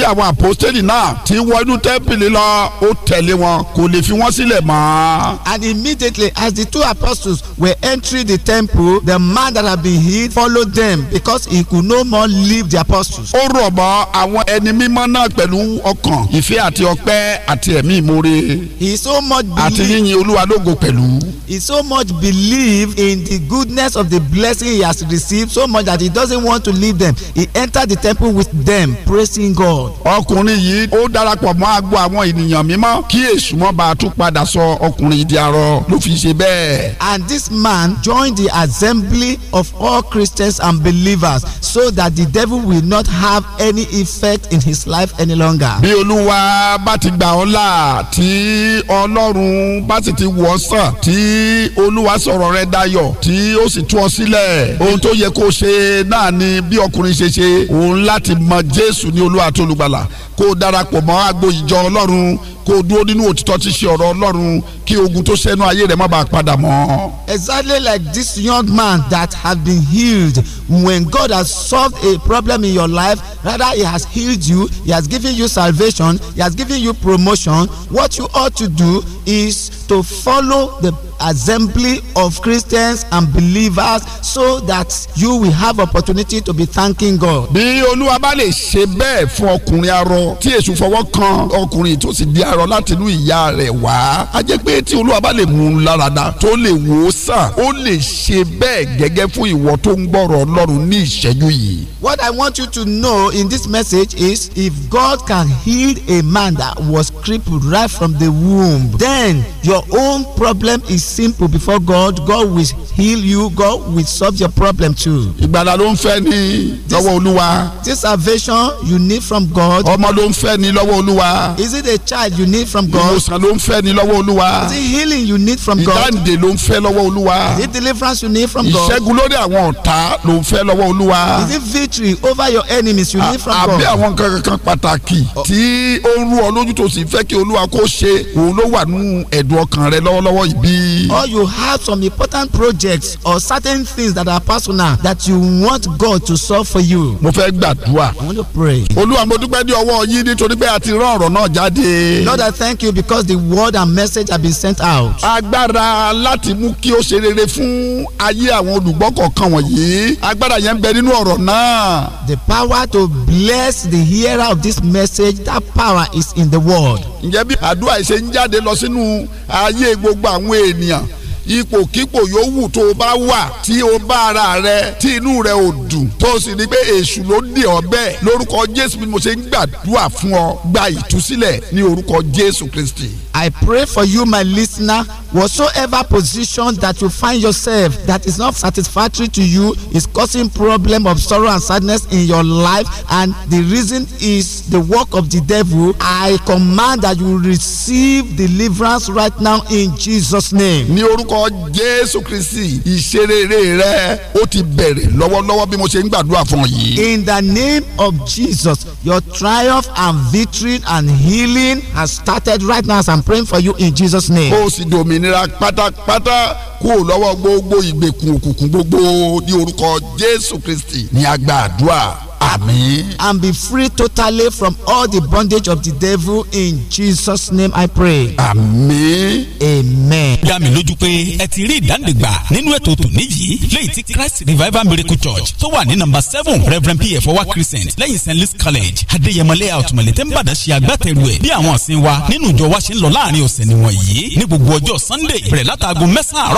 Speaker 5: àpòstélì náà ti wọ inú tẹ́ḿpìlì lọ ó tẹ̀lé wọn kò lè fi wọ́n sílẹ̀ mọ́. and immediately as the two apostles were entering the temple the man that had been healed followed them because he could no more leave the apostles. ó rọ̀ mọ́ àwọn ẹni mímọ́ náà pẹ̀lú ọkàn ìfẹ́ àti ọpẹ́ àti ẹ̀mí ìmoore. he so much believed àti yíyin olúwa lógo pẹ̀lú. he so much believed in the goodness of the blessing he has received so much that he doesn't want to leave them he entered the temple with them praising God. ọkùnrin ọkùnrin yìí ó darapọ̀ mọ́ agbo àwọn ènìyàn mímọ́ kí èṣù mọ́ bá a tún padà sọ ọkùnrin di arọ ló fi ṣe bẹ́ẹ̀. And this man joined the assembly of all Christians and believers so that the devil will not have any effect in his life any longer. bí olúwa bá ti gbà ọ́ là tí ọlọ́run bá sì ti wọ̀ sàn tí olúwa sọ̀rọ̀ rẹ dayọ̀ tí ó sì tú ọ sílẹ̀ ohun tó yẹ kó ṣe náà ni bí ọkùnrin ṣe ṣe òun láti mọ Jésù ní olúwa tó lùgbàlà kó darapọ̀ mọ́ agbo ọlọ́run kó dúró nínú òtítọ́ tí ṣe ọ̀rọ̀ ọlọ́run kí ogun tó ṣẹ́nu ayé rẹ̀ má bàa padà mọ́. exactly like this young man that has been healed when God has solved a problem in your life rather he has healed you he has given you salvation he has given you promotion what you ought to do is to follow the assembly of Christians and believers so that you will have opportunity to be thanking God. bí olúwa bá lè ṣe bẹ́ẹ̀ fún ọkùnrin arọ tí èṣù fọwọ́ kan ọkùnrin tó sì di arọ láti inú ìyá rẹ̀ wá á jẹ́ pé tí olúwa bá lè mú un láradá tó lè wò ó sàn ó lè ṣe bẹ́ẹ̀ gẹ́gẹ́ fún ìwọ tó ń gbọ́rọ̀ ọlọ́run ní ìṣẹ́jú yìí. What I want you to know in this message is if God can heal a man that was crippled right from the womb then your own problem is simple before God, God will heal you, God will solve your problem too. Ìgbàlà ló ń fẹ́ ní lọ́wọ́ Olúwa. This salvation you need from God. Ọmọ ló ń fẹ́ ní lọ́wọ́ Olúwa. Is it a child you need from God? Ìwòsàn ló ń fẹ́ ní lọ́wọ́ Olúwa. Is it healing you need from God? Ìdáǹdè ló ń fẹ́ lọ́wọ́ Olúwa. Is it deliverance you need from God? Ìṣẹ́gun lórí àwọn ọ̀tá ló ń fẹ́ lọ́wọ́ Olúwa. Is it victory over your enemies you need from God? Àbí àwọn nǹkan pàtàkì oh. tí ó ń rú ọ lójú tó sì fẹ́ kí Olúwa kó ṣe òun ló wà nínú ẹ̀dùn ọkàn rẹ lọ́wọ́lọ́wọ́ yìí or you have some important projects or certain things that are personal that you want God to solve for you. mo fẹ́ gbàdúrà. I want to pray. olúwa mo dúpẹ́ ní ọwọ́ yín nítorí pé a ti rán ọ̀rọ̀ náà jáde. Lord I thank you because the word and message have been sent out. agbára láti mú kí ó ṣe rere fún ayé àwọn olùgbọ́ kọ̀ọ̀kan wọ̀nyí agbára yẹn ń bẹ nínú ọ̀rọ̀ náà. The power to bless the hearer of this message that power is in the word ǹjẹ́ bí àdúrà ìṣe ń jáde lọ sínú ayé gbogbo àwọn ènìyàn ipòkípò yòówù tó o bá wà tí o bá ara rẹ tí inú rẹ ò dùn tó o sì ní pé èṣù ló dè ọ́ bẹ́ẹ̀ lórúkọ Jésù bí mo ṣe ń gbàdúrà fún ọ gba ìtúsílẹ̀ ní orúkọ Jésù Kristi. I pray for you, my listener, whatsoever position that you find yourself that is not satisfactory to you, is causing problem of sorrow and sadness in your life, and the reason is the work of the devil. I command that you receive deliverance right now in Jesus' name. Ní orúkọ Jésù Kristi, rẹ ó ti bẹ̀rẹ̀ lọ́wọ́lọ́wọ́ bí mo ṣe ń gbàdúrà fún ọ yìí. In the name of Jesus, your triumph and victory and healing has started right now as I'm praying for you in Jesus name. o sì dòmìnira pátápátá kúrò lọ́wọ́ gbogbo ìgbèkùn òkùnkùn gbogbo ní orúkọ Jésù Kristi ní agbàdúrà.
Speaker 2: Amen. And be free totally from all the bondage of the devil in Jesus' name I pray. Amen. Amen. Dá mi lójú
Speaker 4: pé ẹ ti rí ìdánidìgbà nínú ètò tòní yìí lẹ́yìn tí Christ Revival Miracle Church tó wà ní nọ́mbà seven Reverend P.F. Owa Crescent lẹ́yìn St. Louis College Adéyẹmọlẹ́ Àtùmọ̀lẹ́ tẹ́ ń bàdàn ṣe agbátẹrù ẹ̀ bí àwọn ọ̀sìn wa nínú ìjọ wa ṣe ń lọ láàrin ọ̀sẹ̀ nìwọ̀n yìí ní gbogbo ọjọ́ Sunday bẹ̀rẹ̀ látàgùn mẹ́sàn-án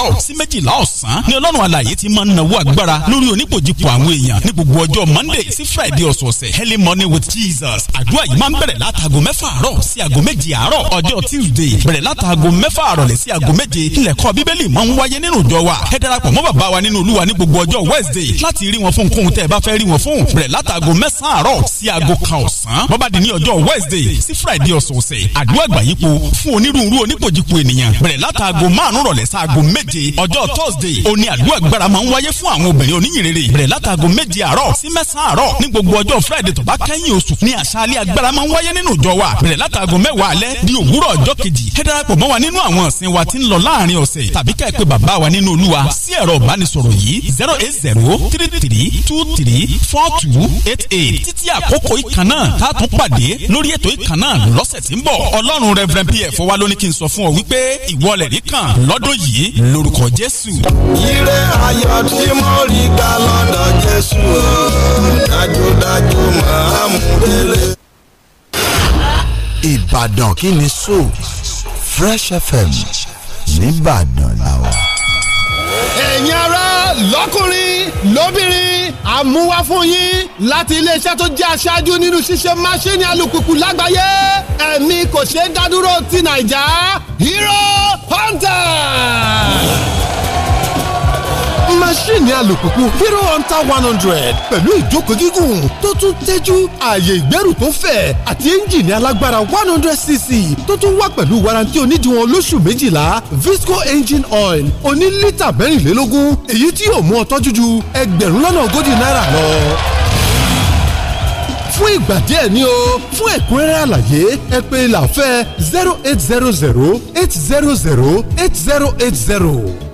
Speaker 4: àárọ̀ sí friday ọ̀sọ̀ọ̀sẹ̀ early morning with jesus àdúrà yìí máa ń bẹ̀rẹ̀ látàgò mẹ́fà àárọ̀ sí àgò méje àárọ̀ ọjọ́ tuesday bẹ̀rẹ̀ látàgò mẹ́fà àrọ̀lẹ̀ sí àgò méje ilẹ̀kọ́ bíbélì máa ń wáyé nínú ìjọ wa ẹ darapọ̀ mọ́ bàbá wa nínú olúwa ní gbogbo ọjọ́ wednesday láti rí wọn fún kóhun tẹ́ ẹ bá fẹ́ rí wọn fún bẹ̀rẹ̀ látàgò mẹ́sàn àárọ̀ sí àgò kan ọ̀sán bọ́bá di ní ọjọ́ wednesday sí friday ọ̀sọ̀ọ̀sẹ̀ àdúrà gbàyípo fún onírúurú oníkòjìpo ènìyàn bẹ̀rẹ̀ látàgò márùn rọ̀lẹ́ sáàgò méje ọjọ́ thursday òní àdúrà gbára máa ń wáyé fún àwọn obìnrin oníyìnrere bẹ̀rẹ̀ látàgò méje òwúrọ̀ ní gbogbo ọjọ́ friday tó bá kẹ́yìn oṣù ní àṣálẹ́ agbára máa ń wáyé nínú ìjọ wa bẹ̀rẹ̀ látàgọ́ mẹ́wàá alẹ́ di òwúrọ̀ ọjọ́ kejì ẹ darapọ̀ mọ́ wa nínú àwọn ìsìn wa tí ń lọ láàrin ọ̀sẹ̀ tàbí ká ẹ pè bàbá wa nínú olúwa sí ẹ̀rọ ìbánisọ̀rọ̀ yìí zero eight zero three three two three four two eight eight títí àkókò ìkan náà tá a tún pàdé lórí ètò ìkan náà lọ́sẹ̀ tí ń bọ̀ ọlọ́run reverend pf wa ló ní
Speaker 6: dájúdájú máa mú délé.
Speaker 3: Ìbàdàn kí ni so Fresh FM nìbàdàn làwà.
Speaker 6: ẹ̀yin ará lọ́kùnrin lóbìnrin àmúwá fún yín láti iléeṣẹ́ tó jẹ́ aṣáájú nínú ṣíṣe máṣíìnì alùpùpù lágbàáyé ẹ̀mí kò ṣeé dádúró ti Nàìjà Hero Hunter máṣíìnì alùpùpù hero hunter one hundred pẹ̀lú ìjókòó gígùn tó tún tẹ́jú ààyè ìgbẹ́rù tó fẹ̀ àti ẹ́ńjìnì alágbára one hundred cc tó tún wá pẹ̀lú warranty onídìíwọ̀n olóṣù méjìlá visco engine oil oní lítà mẹ́rìnlélógún èyí tí yóò mú ọ tọ́jú ju ẹgbẹ̀rún lọ́nà ogójì náírà lọ fún ìgbà díẹ̀ ni o fún ẹ̀kúnrẹ́rẹ́ àlàyé ẹ pè làfẹ́
Speaker 3: zero eight zero zero eight zero zero eight zero eight zero.